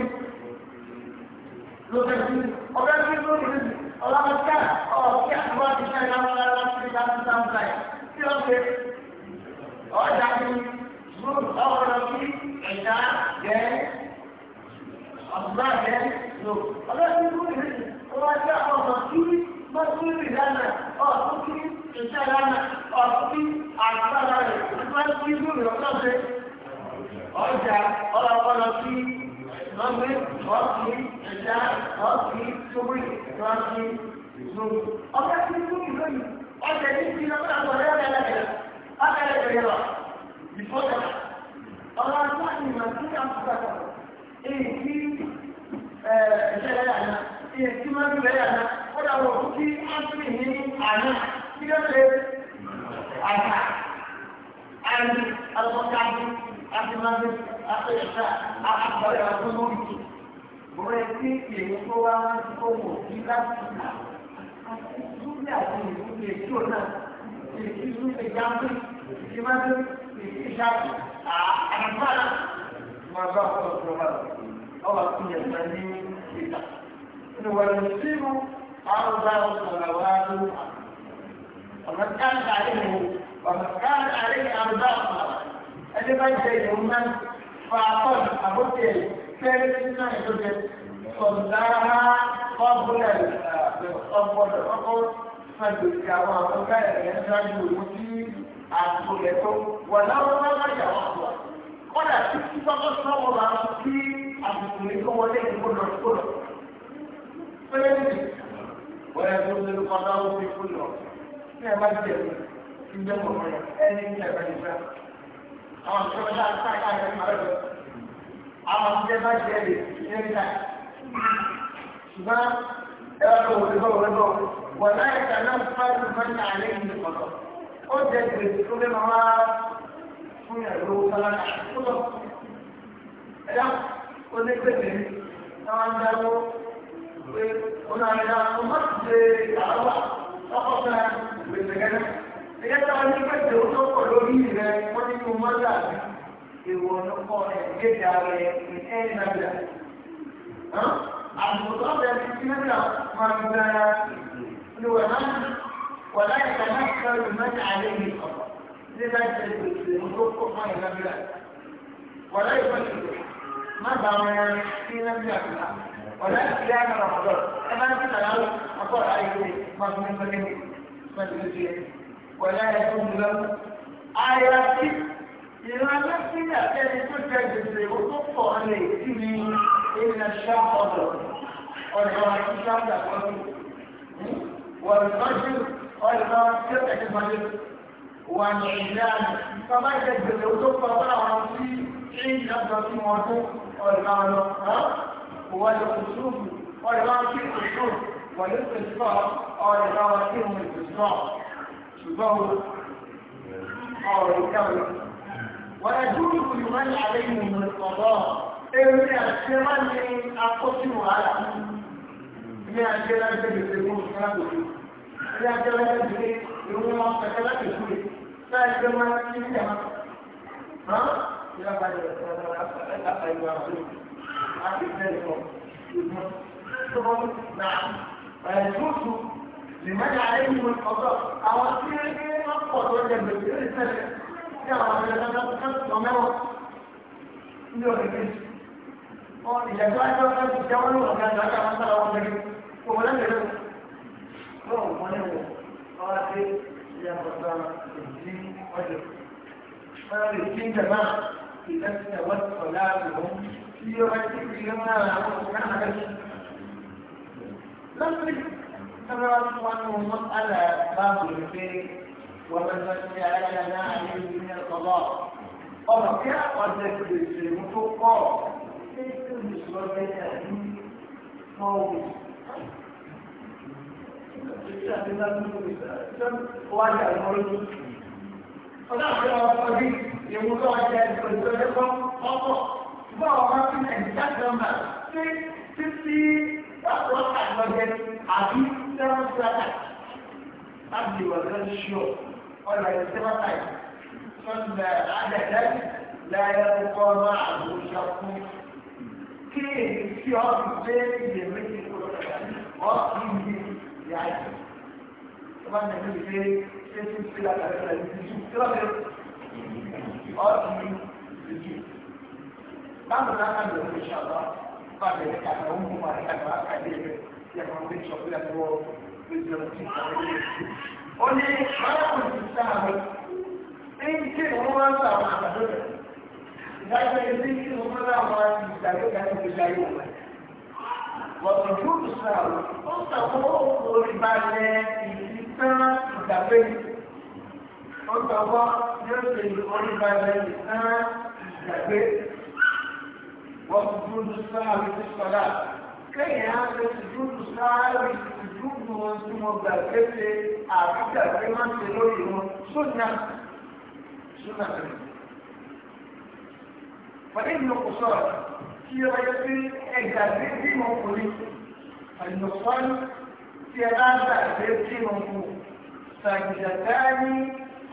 ló fẹ́ sí ọ̀gá ní gbòòrò nínú ọ̀gá ní ká ọ̀ọ́kí àgbà ti ṣe ìnáwó lára sí láti sáńtà yìí tí ó ṣe ọ̀ọ́jà kí gbòòrò ọ̀ọ́nà sí ẹ̀dá gẹ̀ẹ́ àbúrájẹ́ lò ọlọ́sí kúrò ní wọ́n jẹ́ ọmọ kí mọ́túrì lánà ọ̀tún kí iṣẹ́ lánà ọ̀tún kí àgbàlá rẹ̀ wọ́n kí lórí ọlọ́sẹ̀ ọjà ọlọ́pọlọ sí lọ́gbẹ́ ọ̀sì ẹ̀dá ọ̀sì tóbi lọ́sì lórí ọlọ́sí kúrò lónìí ọjà ní ti lọ́gbà àgbọ̀lẹ́ ọ̀dẹ́lẹ́gbẹ̀rẹ̀ ọ̀dẹ́lẹ́gbẹ̀rẹ̀ lọ ìfọ́jà ọlọ́sí àti ìmọ̀ sí àkùkọ̀ èyí ẹ̀ṣẹ́ rẹ̀ àná ìyẹn tí máa ń fi rẹ̀ àná ó dà wọ̀ kí wọ́n tún ní àná kí ló ṣe àṣà àti àlùkọ́kájú àti máàbí àti ẹ̀ṣà àkọọ́lẹ̀ ọdún lórí tù. Bọ̀rẹ̀ tí èyí tó wá wá sí owó kí láti nà àti ìdúgbò àti ìdúgbò ètò náà èyí tó ṣe jáde ìdí máa ń fi ìṣàkóso àgbàlá máa bá ọ̀pọ̀lọpọ̀ bá lọ. ọba tó yẹ fún ẹni ìgbà ní wọn ní sínú àwọn ọba ọsọlá wa ló wà ọmọ káàdì àlẹ ni ọmọ káàdì àlẹ ni àwọn ọba ọsọlá ẹni bá jẹ ìyẹwò náà fa akọ́n àbótẹ fẹ́ẹ́ sí náà ètò jẹ sọ̀dára kọ́bùlẹ̀ ọ̀pọ̀lọ̀ ọkọ̀ fàgbèsì àwọn àkọ́kọ́ ẹ̀rẹ́ ṣáájú òun sí àtòlẹ́tọ̀ wà láwọn bá bá yà wà wà kọ́dà tí tí bá bá sọ́wọ́ bá ń kí. àbùkù ní kó wọlé ìdìbò lọ kó lọ. Pẹ́lẹ́ ní wọ́n yẹ kó lé lọ́dọ̀ ó fi kó lọ. Ní ẹ̀ bá jẹ̀ kí n jẹ́ mọ̀ mọ́ yẹn, ẹni ní ẹ̀ bá jẹ̀ fẹ́. Àwọn àtúntò náà ká ká ẹ̀ máa lọ. Àwọn àtúntò bá jẹ́ lè ní ẹ̀ka. Ṣùgbọ́n ẹ bá lọ wọlé bọ̀ wọlé bọ̀ wọ̀ láyé ká náà fáwọn ìfọ̀nà àlẹ́ yìí nìkan ó jẹ gbèsè tó lé máa fún ìyàwó sálákà tó lọ. Ẹ dáhùn. ó ní pèsè náà ń dáwó pé ó náà ń dáwó ó má ti ṣe ìyàwó ọkọ̀ fún ìgbésẹ̀ gẹ́gẹ́. Ẹgbẹ́ tí wọ́n ní pèsè ó tó pọ̀ lórí rẹ̀ wọ́n ní kó mọ́ dàbí ìwọ ọ̀nàkọ́ rẹ̀ kéde ààrẹ ní ẹ̀yìn nàbíà. Àbùkù ọ̀bẹ ti ti mẹ́ta máa ń gba ni wọ́n máa ń wọ́n láyé ká máa ń kọ́ ìmọ̀ta àlẹ́ yìí kọ̀. Ilé láti ṣe ìgbésẹ̀ ó tó pọ̀ fún ìlànà wọ́n láyé fún ìgbésẹ̀. ما دعونا في نفسنا ولا كان رمضان كما نقول له أقول عليه مظلوم منه مظلوم ولا يكون له آيات لما نفسنا كان تجد وتقطع عليه إن الشهر والغرق الشهر والفجر والغرق سبعة الفجر والعلان فما يجد وتقطع عليه تعيد نبضة موضوع والغالة والخصوم والغالة في الخصوم والاتصال والغالة فيهم الاتصال شبهه أو الكون ويجوز يغني عليهم من القضاء èmi àṣírá ní akọ́sí wàhálà ní àṣírá ń tẹ̀lé ìṣẹ́gun ìṣẹ́lá kò sí ní àṣírá ń tẹ̀lé ìwọ̀n ọ̀sẹ̀kẹ́lá kò sí láì jẹ́ máa ń kí ní ìjàmá. فيجوز لمن عليه من قضاء او اصير اقوى وجه بالدير السنه كما يتذكر ومر يوم الجيش إذا كان كان يتجول وكان هذا مثلا وكان هو لم يدرس هو ولم قال يا ربنا الدين وجه هذا الدين جماعه إذا استوت صلاتهم في لما وكانت لم تكن سبحانه مسألة باب البيت ومن مسألة لنا عليه من القضاء ọ̀rọ̀ kí àpàdé gbèsè كيف tó kọ́ ṣéṣe olùsọ̀rọ̀ ẹ̀yà ní ọ̀wọ̀. Ṣé àti láti ọlọ́run lọ́wọ́ ọdí ìwú tó ọjà ìpèsè ọjọ́ ọkọ̀ bọ́ ọmọ sí nàìjíríà gọ́ọ̀mà sí títí ọ̀pọ̀ àgbọ̀jẹ àbí sẹ́wọ́n tíráta láti wà lọ́dún ṣíọ̀ ọ̀là ìṣẹ́wọ́n táyì sọ́dún àdàdà láyé ọkọ̀ ọmọ àbúrò fún kí èyí tí ọ ti gbé ìdè méjì kúrò ọ̀ kì í di ìyá ìjọba nàìjíríà títí sí àtàkùn ìdíjú kí wọ́n fi ọ́ọ̀dì ìdíjú. Báwo náà ká lọ sí ìṣàlọ́ pàdé kàtà ó ń mú wa kàtà àkàdé rẹ̀ tí a máa ń gbé ìṣọ̀kú yàtọ̀ wọ ìjọ tí ìṣàlọ́ yẹn. Ó ní báyọ̀ kò sí sáà mi. Ẹyin tí ìwọ́n máa ń sọ àwọn àgbàdo rẹ̀. Ìdájọ́ ilé tí wọ́n máa ń àwọn ìgbàgbọ́ kan ti gbé ayé wọn. Wọ́n ti dúró sáà ó sàkóso orí balẹ̀ ìlú tán ìdàpé ọgbàwọ́ yóò ṣe ìkọ́nìbà lẹ́yìn tán ìdàpé wọ́n ti dúró sáàrí sí sọ́lá kéèyàn á ṣe ìdúró sáàrí ìdúró wọn tí wọ́n gbà kéṣe àbídàpé má ṣe lórí wọn sódà sódà tẹ̀lé. فإن القصار في رأيتي إذا بيتي موقولي النقصان tí ẹ bá gbà pé kí mo mú fàgìdàgá ní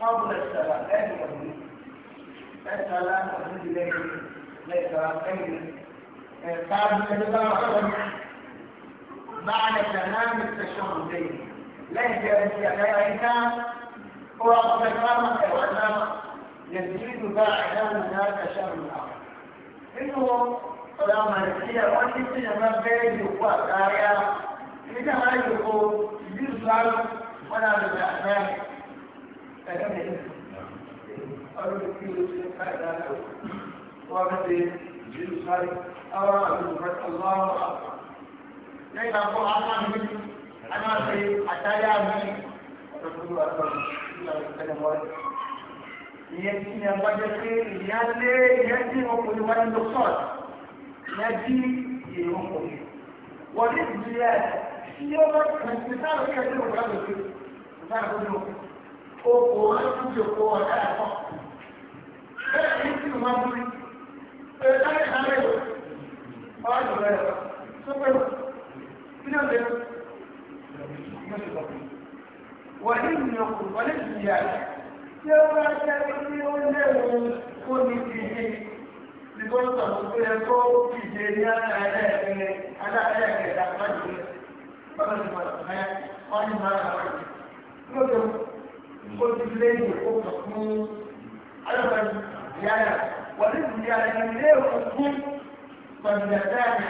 ọ̀bùrẹ̀ sàrà ẹ̀dì ọ̀gbìn ẹ̀ta láti ọ̀dún ìdílé lẹ́ẹ̀ta ẹ̀yìn ẹ̀ka ẹ̀dí bá wà lọ́wọ́ بعد تمام التشهدين ليس يتبعك هو تكرمك وأنما يزيد بعدهما تشهد آخر إنه لما نسيه وأنت تجمع بين وقت آية إذا ما يقول يجيب سؤال ولا رجع فاهم فاهم أقول لك يجيب سؤال وقت يجيب سؤال أرى أن الله أكبر لكن أقول أنا من أنا في أتايا من رسول الله صلى الله عليه وسلم ìyẹn tí ni àgbájọ pé ìyá lé ìyá tí wọn kò ní wá nínú sọọsì ìyá tí ìyẹn wọn kò ní wọlé ìdílé ẹ tí ó bá kẹ̀sì sáà ní ẹ̀jẹ̀ òkú àgbẹ̀ sí ìgbà àgbẹ̀ òkú òkú àti òkú ọ̀dà ẹ̀kọ́. Bẹ́ẹ̀ ni tí mo máa ń bí ẹ̀ka ẹ̀ka lẹ́yìn ọ̀dọ̀ rẹ̀ sọ́pẹ́ kí ló dé? Wọ́n ní ìyọ̀kù wọ́n ní ìyá tí ó bá kẹ́rì tí ó léwu kó ní ìdí nígbà tó فلتان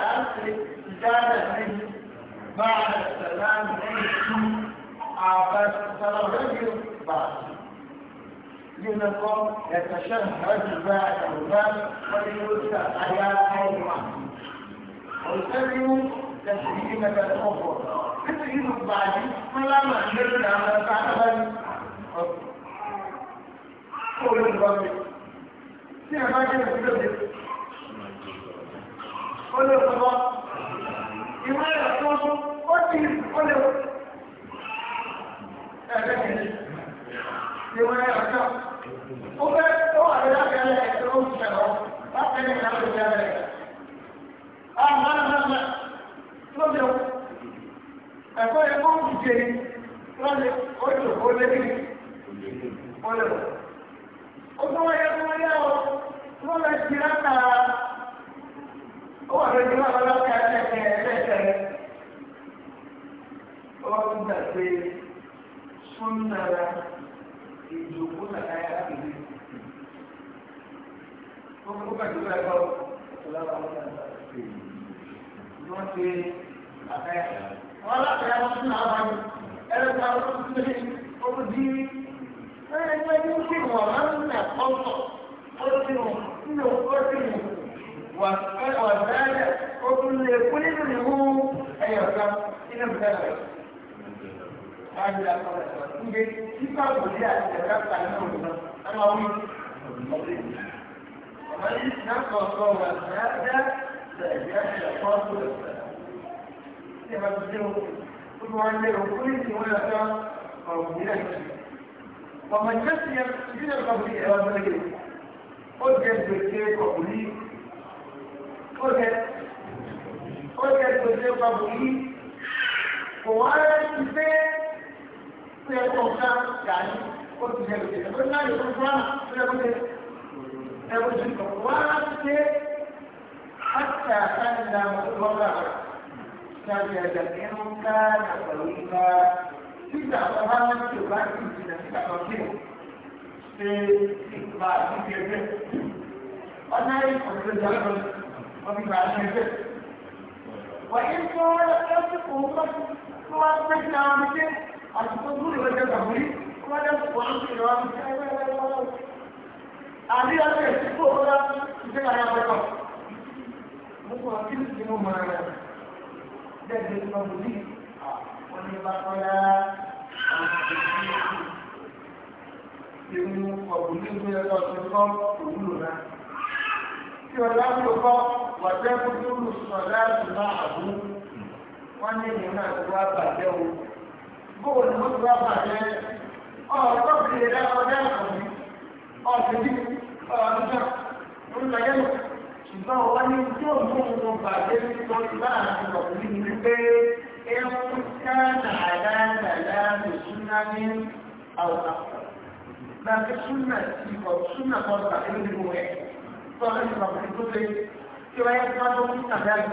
ألف زادت منه بعد السلام عليكم عبد ترغب بعد لأنكم يتشهد بعد الباب ويوسع على أيوة ويسلم تشريعنا كالكفر تشريع بعد فلا نحملنا على تعالى قول الرب في أماكن تدرس قول القضاء إما يختصر قتل قل أهلكني لما يرجع وبعد هو ذلك على إكرام الشرع أقل من هذا الجبل آه ما ما ما lóde o ẹ̀kọ́ yẹ kó kù jẹ lọ́dẹ ojú ó lé ní ọlẹ o ó tó wáyé tó wáyé o lọ́dẹ ti rákà ó wà lóde náà lọ́dẹ ẹ̀ẹ́dẹ́gbẹ̀ẹ́ ẹ̀ẹ́dẹ́gbẹ̀ẹ́ ọlọ́dún gbà pé súnnara ìjòkó nàkáyà àbílẹ̀ wọ́n kọ́ bàjẹ́ báyìí báwo ọ̀la wà lọ́dẹ àbílẹ̀ wọ́n ti wọn látàrí àwọn tó ń náà wáyé ẹ̀rọ tó àwọn tó ń gbé ọkọ̀ di ẹgbẹ́ ní kí wọn máa ń nà ọ̀tọ̀ ọ̀tọ̀ nínú ọ̀tọ̀ wà ọ̀dáyà ọdún lè kú nínú ìhú ẹ̀yọ̀ kan nínú ìdára rẹ̀. Báyìí la kọ́ ẹ̀sọ́ níbi nípa òbí àti ẹ̀dá kan náà wò náà, a máa wí ọ̀bẹ̀. Ọ̀bẹ̀ yìí náà kọ̀ ọ̀sọ̀ wà ní ẹ̀dá ẹ̀dá ẹ̀dá tí ẹ bá ti dé òkú tó bá wá dé òkú ní ìsìn wọn yàtọ̀ ọ̀rọ̀ ìyá ìṣẹ̀ ọmọ ìjẹ́ ti yẹ ìdílé ọ̀gbìn ẹ̀rọ ọ̀gbìn ó jẹ gbèsè ọ̀gbìn ó jẹ ó jẹ gbèsè ọ̀gbìn kò wá ti dé pé ẹ̀kọ́ ká yàrá ó ti jẹ gbèsè ọ̀gbìn náà yóò fún wa pé ẹ̀kọ́ tẹ ẹ̀kọ́ tẹ kò wá ti dé hàtà sáyẹn náà ó lọ́ọ́ سجد منه كان طويلا تسع مرات تبكي من تسع مرات في إقبال في جبهة أنا أقول لك وفي بعض الجبهة وإن قال أنت قومك قوات نامك أتقول لك تقولي ولا تقول لي أبي أنا أقول لك إذا أنا أقول لك ممكن أكيد تسمع معنا dẹ́gbẹ́ tó lọ́dún ní àwọn ní bá kọ́lá àwọn ìlú ọ̀gbìn ní ìlú ẹ̀kọ́ tó kọ́ òwúlò náà. Tí ọ̀dà ń lò kọ́ wà jẹ́ kó tó lù sùn láti máa àbú. Wọ́n ní ìlú náà tó wá bàjẹ́ o ṣùgbọ́n wọ́n ní tó ń mú wọn bàjẹ́ nípa láàrin ọ̀pọ̀lọpọ̀ ní pé ẹ̀wọ̀n kánà àdáńdàdá lè súná ní àwọn àpò. Láti súnà sí ọ̀ súnà kan tàbí nínú ẹ̀ tó ọ̀rẹ́ ìgbà pẹ̀lú tó ṣe kí wáyé tó bá tó ń tàbí àgbẹ̀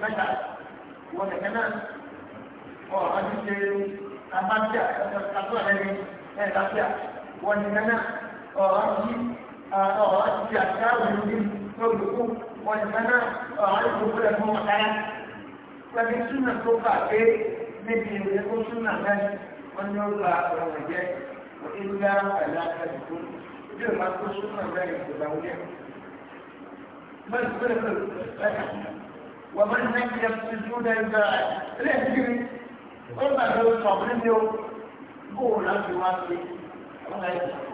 mẹ́ta wọ́n lẹ̀kẹ́ náà ọ̀ àdúgbò àbájá àtúwàlẹ́ni ẹ̀ láfíà wọ́n lẹ̀kẹ́ náà ọ̀ àdúgbò ọ̀rọ̀ ti àṣàrò ní olùkú wọn ìgbà náà ọ̀rọ̀ ìgbòho rẹ̀ fún ọ̀tara pẹ̀lú súnà tó kà pé níbi ìwé tó súnà náà wọ́n ní ó gba ọ̀rọ̀ jẹ́ ìlú àlá àdìgbò bí ìwà tó súnà náà ìgbòho àwùjẹ. ومن نجي السجود إذا لكن وما لو صبرني قول أبي واقي الله يسلمك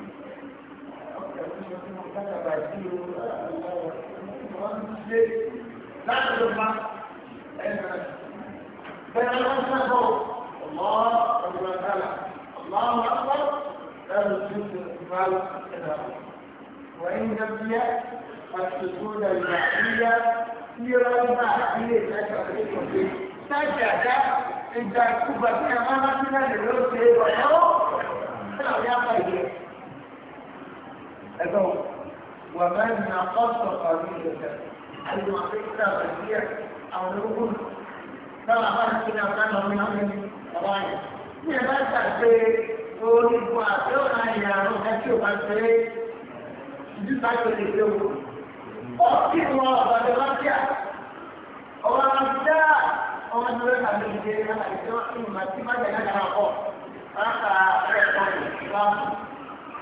الله أكبر لا نسجد الإقبال إلى وإن نبي السجود المعصية سيرا المعصية سجد إذا كبت أمامنا للرسل وحوه فلا يقضي ẹ̀dọ́ wà mẹ́rin náà ọ̀sọ̀ pàdé ìjọba àìsàn àfẹ́kítà àbàdíyà àwọn ológun táwọn àbáyé ti náà ká lọ́wọ́ náà ní bàbá yẹn. bí ẹ bá ṣàgbé orí bu àbẹ́ ọ̀la ìyá àrùn ẹtí ò bá ṣeré ìdí sáyé lè dé o. ó kí ni wọn ọ̀bàdàn bá bíà ọ̀rọ̀ àbídá ọmọ tó lọ́ọ́ tàbí ìdílé náà àti tí wọ́n ti mọ̀ sí májèlé náà kọ̀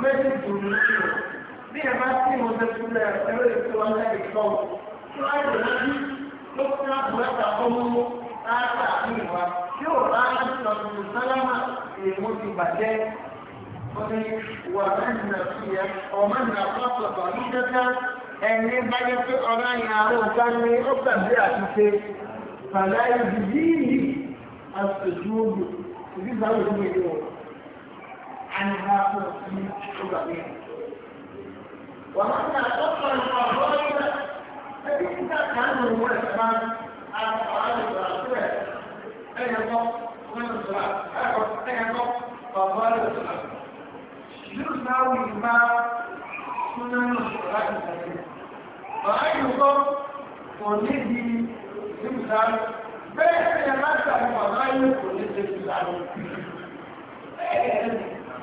méjì dùn ní ìlú bí ẹ bá sí mo ṣe sílẹ̀ ẹ̀rọ ètò ọ̀sẹ̀ ìkọ́ tí wọ́n lè lójú ló fi hàn bùrẹ́tà ọmọ láàárọ̀ àfihàn wa tí ò bá ń sọ tuntun sálámà èèmọ ti bàjẹ́ ó ní wà mẹ́rin àfihàn ọmọ ìrìnà pọ́pọ̀ pàlú kẹta ẹni bá yẹ pé ọ̀rọ̀ yẹn àrùn bá ní ó gbàgbé àtúnṣe pàlá ìdí yìí àṣèjú ògbò ìdí ìgbà òṣèlú ìdí wọn. عنها من حبابها ومن أطلع الحرائر فإن كان هو الإمام على قرآن الرسول أين النص من الصلاة أين النص قضايا الصلاة يسمى الإمام سنن الصلاة الكريمة فأي نص ونبي يمثل بين الناس المظاهر ونبي يمثل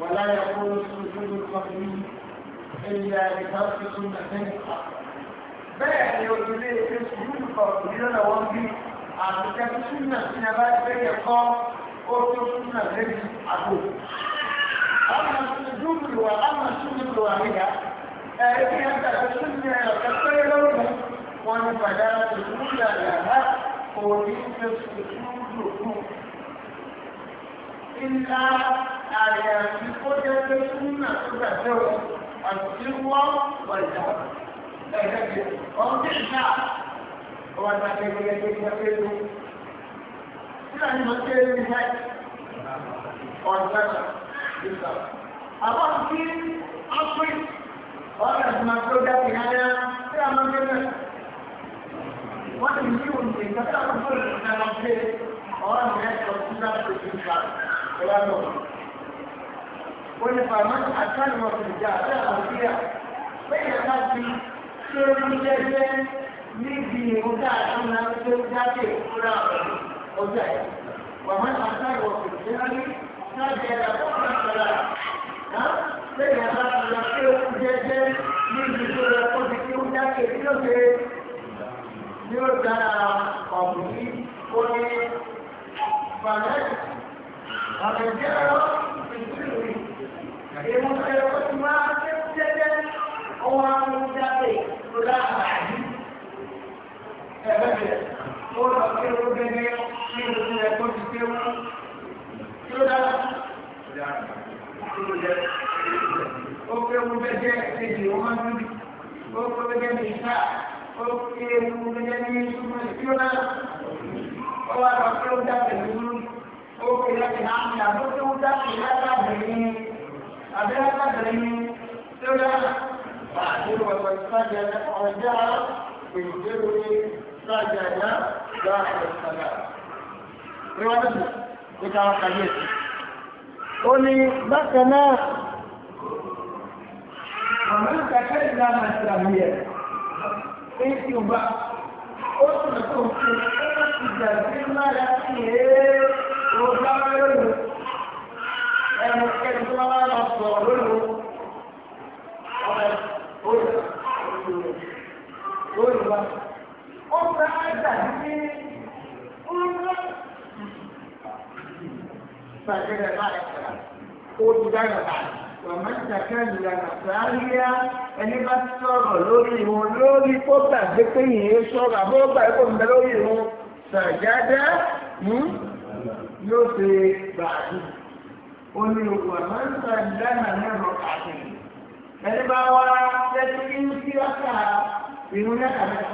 ولا يكون السجود القديم الا لترك سنه بل يعني في السجود القديم لنا وانبي عن كم سنه في نبات بين القوم قلت سنه غير عدو اما السجود واما السنه الواحده هي ان تسمى كفايه لونها وانفعالات الاولى لها قوه السجود القديم ńlá ààrẹ àti kọjá pé súnmọ́ tó dàbẹ́ o àti wọ́n wà ìjà ẹ̀ẹ́dẹ́gbẹ̀ ọ̀dẹ́ ìjà ọba ta kẹ́kẹ́ tó gbà pé tó. Sílẹ̀ ni mo ṣe é ní ẹ̀ ọ̀dẹ́ ìjà. Àwọn tí a pè ọ̀rẹ́ àti máa tó jáde yára sí àwọn akẹ́kẹ́ wọ́n ti ní òǹdè nígbà tó ń bọ̀ lọ́sẹ̀ ẹ̀ wọ́n fa máa àtàlù wọn fìdí jà àti àwọn òbíà bẹ́ẹ̀ yẹn bá ti ṣe orí jẹ́jẹ́ níbi ìrúdà àtúnlá tó dákẹ́ ìfúra ọ̀dọ́ ọjà wọ́n máa àtàlù wọn àbúrúgbà ẹ̀kọ́ ń bẹ lórí ìrún sàjádá hmm, ló ṣe bàtú ó ní òkùn àmọ́ ń sọ ìdáná mẹ́rọ àti ẹni bá wá tẹ́tí kí ń kí ọ́kà ìrún lẹ́kà mẹ́ta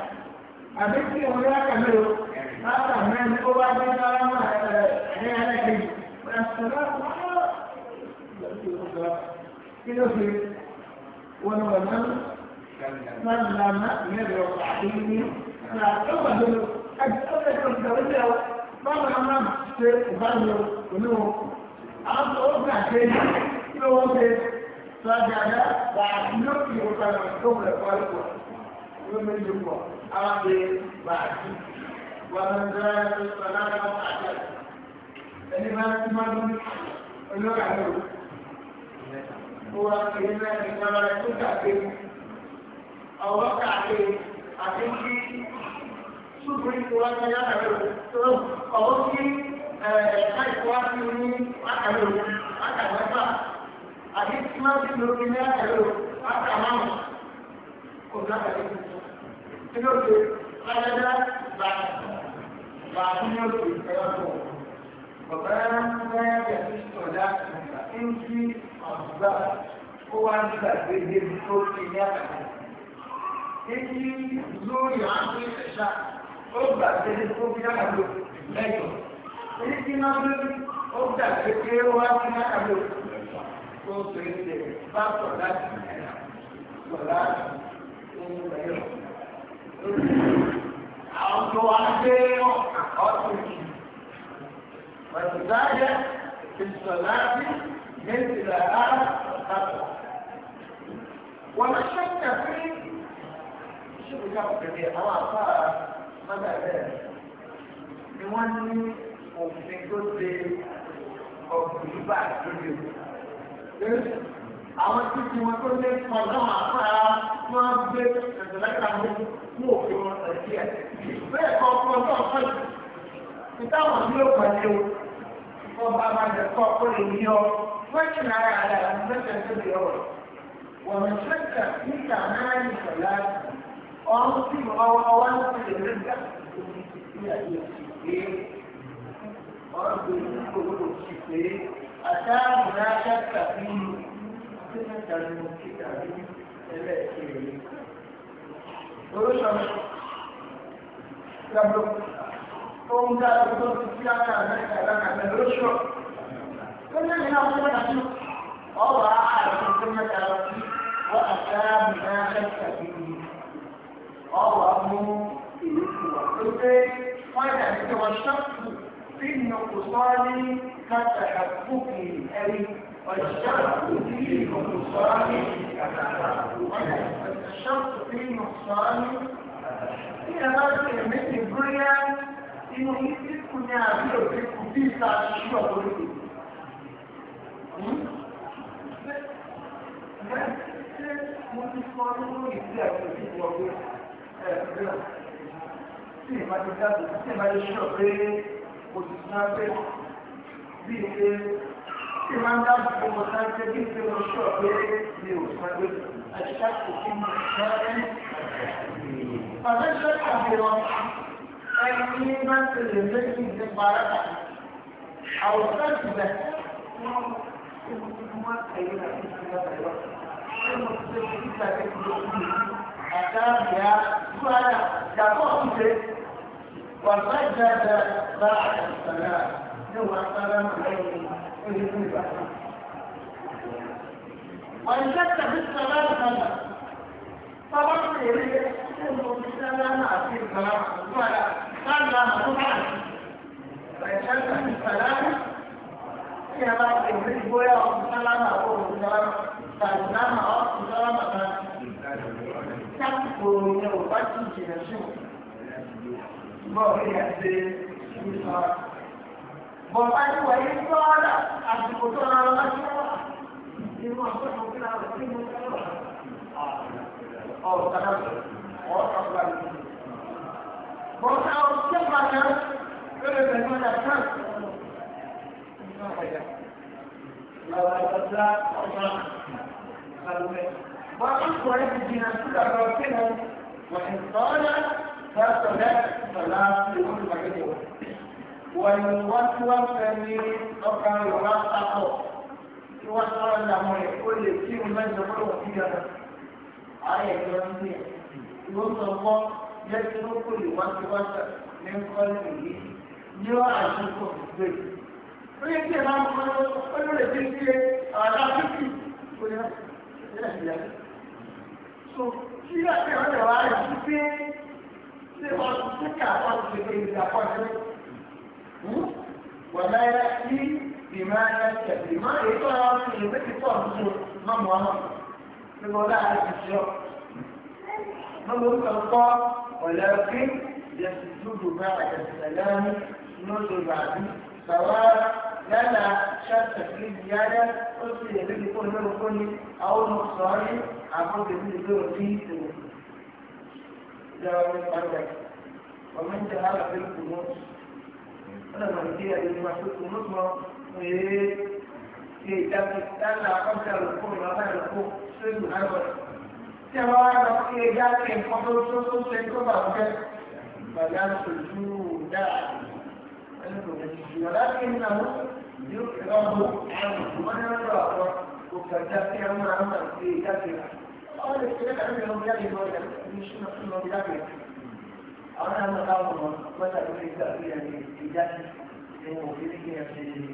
àbí kí ìrún lẹ́kà mẹ́ta látà mẹ́rin ó bá dé náírà máa ẹ̀ẹ́dẹ́gbẹ̀rẹ́ ẹ̀ẹ́dẹ́gbẹ̀rẹ́ na ɗaukar da a ɗaukar da da wani yawa ba mu nan nan ce ku ba mu wani wo a ka wata ke yi ko wata ta gada ba a nufi wata na ɗaukar da kwari kuwa wani yi kuwa a wata ba a ci wannan zara ya ce ba na da àti kí ṣùgbọ́n ipò wájú látàrí òun ọ̀wọ́ sí ẹ̀ka ìfọwọ́sí ní látàrí òun látàrí ẹ̀fà àti tí wọ́n ti lò ní látàrí òun látàrí márùn-ún kò látàrí òun. Kí ló dé? Lájẹ́dá bàtà bàtà ní oṣù ẹ̀rọ tó. Bàbá Mẹ́rẹ̀ ti sọ̀dá nígbà tí ń kí àdúgbà ó wá nígbà gbé débi tó ti ní àkàtà èyí lórí àwọn ìṣẹ̀ṣà ó gbà tẹ́lẹ̀ tó bí àgbò lẹ́jọ́ èyí tí náà lórí ó gbà tẹ́lẹ̀ wá sí àgbò tó fẹ́ tẹ̀ bá sọ̀ láti sọ̀ láti ohun ẹ̀yọ́ àwọn tó wá gbé ọ̀tún kì í wàtúndájẹ́ ìsọ̀láàbí méjìlá ààrùn àpapọ̀ wọ́n ṣẹ́kẹ̀ fún ṣùgbọ́n káwọn bẹ̀rẹ̀ àwọn àpá mọ́tàlẹ́ ni wọ́n ní òfin tó de ọ̀gbìn bá lóde o. Àwọn tí tí wọ́n tó lé pọ̀ náà àpá wọ́n gbé ẹ̀sẹ̀lẹ́ta mú mú òfin wọn ẹ̀sí ẹ̀. Bẹ́ẹ̀ kọ́ ọkọ náà pẹ̀lú. Ìtàwọn ní ó pẹ̀lú o. Wọ́n bá máa jẹ kọ́ ọkọ lè ní ọ. Wọ́n ti nà ara rẹ̀ àti mẹ́tẹ̀ẹ̀tẹ̀ lè ọ̀rọ̀. Wọ́n ṣẹ̀ṣẹ̀ orang mesti mengawal-awal menjelaskan orang beriman kepada kita ada menajat kami dengan dalam kita ini terus kalau Tunggal untuk silakan dan kadang ada rusuh. Kena nak buat apa? Allah akan menyatakan wa akan menajat kami ọ̀rọ̀ mú ìlú wà tó pé wọ́n yà ní kí wọ́n ṣọ́ọ̀tù sí ìnàkó sọ́ọ́lì kàtà àbúkù ẹ̀rí ọ̀ṣọ́ sí ìnàkó sọ́ọ́lì kàtà àbúkù ṣọ́ọ̀tù sí ìnàkó sọ́ọ́lì kí ẹ bá ṣe méjì bóyá inú ìsìnkú ní àbí òkèkù bí ìta ṣíṣú ọ̀pọ̀lọpọ̀. Mo ti sọ nínú ìdí àti ìdí ọgbẹ́ tí ìbá ti dáàbò tí ìbá ti ṣọ́ pé òṣìṣẹ́ náà pé bí i pé tí ìbá ń dáàbò tó mọ̀ sáà pé bí i pé mo ṣọ́ pé mi ò sáré pé àṣìṣe kò kí mo sáré. Pàṣẹ àfihàn ẹni ní bá ń tẹ̀lé méjì nípa ara àwòrán ti bẹ̀ wọ́n mú ẹ̀yìn àti ìṣẹ̀lẹ̀ àyọ̀. Ṣé mo ti ṣe ìgbà kẹ́kọ̀ọ́ أتابع وأنا كفرت وسجد بعد السلام هو السلام عليه وإن شك في السلام فلا فبصر إليه يقول السلام عليه السلام ولا سلم فإن شك في السلام فيما يقول السلام عليه السلام سلم أو سلم kápò ní ọ̀pá tí ìjìnlẹ̀ sùn bọ́ọ̀lù àti ìfà bọ̀ọ̀pá tí wà ní sọ́ọ́dà àsìkò tó rọrọ lọ́sọ́ inú àpẹẹrẹ òkúta rẹ̀ tí mo fẹ́ lọ ọ̀rọ̀ kan ọ̀rọ̀ kan bọ̀ọ̀pá ọ̀sẹ̀ padà lórí ẹ̀mí ọ̀dà kan lọ́wọ́ ẹ̀dá ọ̀gá àlùmẹ́ẹ̀. فأخبرت بنفسها باطلا وإن قال فصلاة صلاة لكل مكان والوسوس من أقل رقعه يوصل له لكل شيء من ذكره فيها آية جميلة يوصل الله يترك الوسوس من قلبه يعشق الذكر فيجي الآن قالوا له تلك على فكرة so kí ẹ̀sìn ọ̀rẹ́ wa rẹ̀ sí pé ṣé wọ́n ti ṣe kí àwọn ti ṣe èdè àkọ́jọ́ wọ́n náà yẹ kí ìmọ̀ ayé tẹ̀lé ìmọ̀ èyí tó yà wọ́n ti lè méjì pọ̀ nínú ní wọ́n dá ti ṣọ́ mọ́mú orúkọ kọ́ ọ̀lẹ́rìn yẹn ti dúdú bá àjẹsílẹ̀ lẹ́rìn ní oṣù سواء لنا شرط في زيادة قلت يبدي يكون له كل أو نقصان عقود يبدي يكون فيه جواب القرآن ومن جهل في الكنوز أنا من هي اللي في الكنوز ما إيه في تبتدأ قبل الكون وبعد الكون سن أول سواء لو إيه جاك الكنوز سن سن كبر بل ينسجوا داعي ولكنه يكره عنه من يراه وكذلك هم عمل في كثيرة قال السلام عندهم يدي مريم مش مقيمة بذلك أنا مقاومة ماذا تريد تأثير في ذلك إنه في ذلك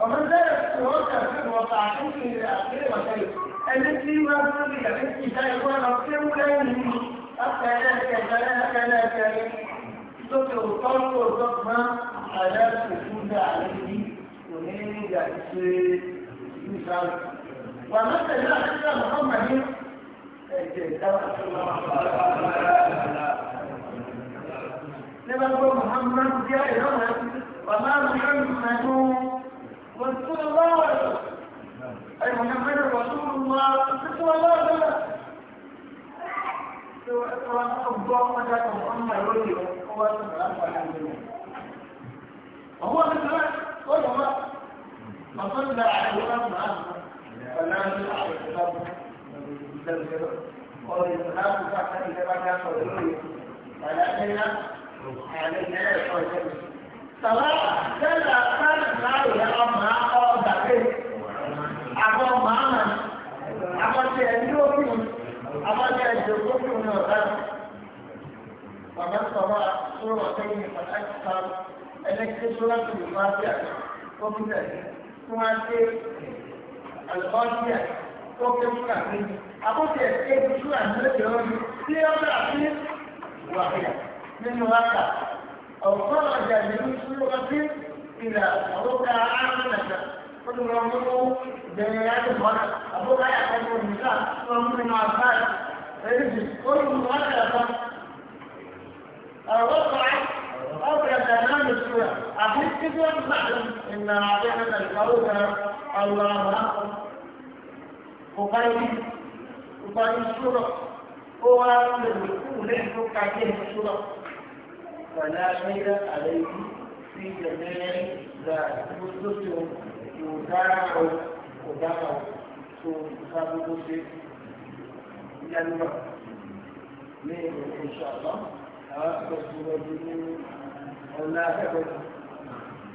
ومن ذلك توقع في الواقع إلى آخر وشيء التي ما تريد التي سيكون أصير لا يهمني حتى يهدى فلا ثلاثة ذكر الطلق والضغط على سكون عليه ومن جالس مثال ومثل لا محمد لما محمد جاء لنا وما محمد رسول الله أي محمد رسول الله صلى الله وهو مثلا قال ما ما صلى على الإمام معه فلا يصلى على الإمام قال الإمام فأخذ إذا كان قدره فلا أدري علينا سواء كان كان معه يا أم مع أو بعدين أقوم معنا أقوم بأنه أظن الجلوس من الغد ومن قرأ سورتين فالأكثر التي سورة الفاتحة وكذلك ثم الفاتحة وكذلك أقول لك شو عملت يوم في أربع سنين واحدة من واقع أو خرج من سورة إلى ركعة عامة فنرمضه جنات الخلق أبوك لا يحتاج النساء وهم من عباس فيجب كل مؤثرة أو وقعت أو يتنام السورة أحس كده معلم إن عظيمة الكوثر الله أكبر وقال وقال السورة هو ولحظة تعطيه السورة فلا شيء عليه في جميع ذلك يسلسل يسارع kò dára o tó ìfá gbogbo ṣe yálùbà ní ìròyìn ìṣàlọ́ àwọn akẹ́kọ̀ọ́ lọ́dún ní ọ̀la akẹ́kọ̀ọ́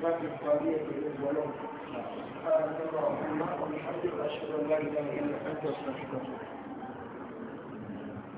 láti parí ẹgbẹ̀rún ìwọlọ́. أشهد أن لا إله إلا أنت أستغفرك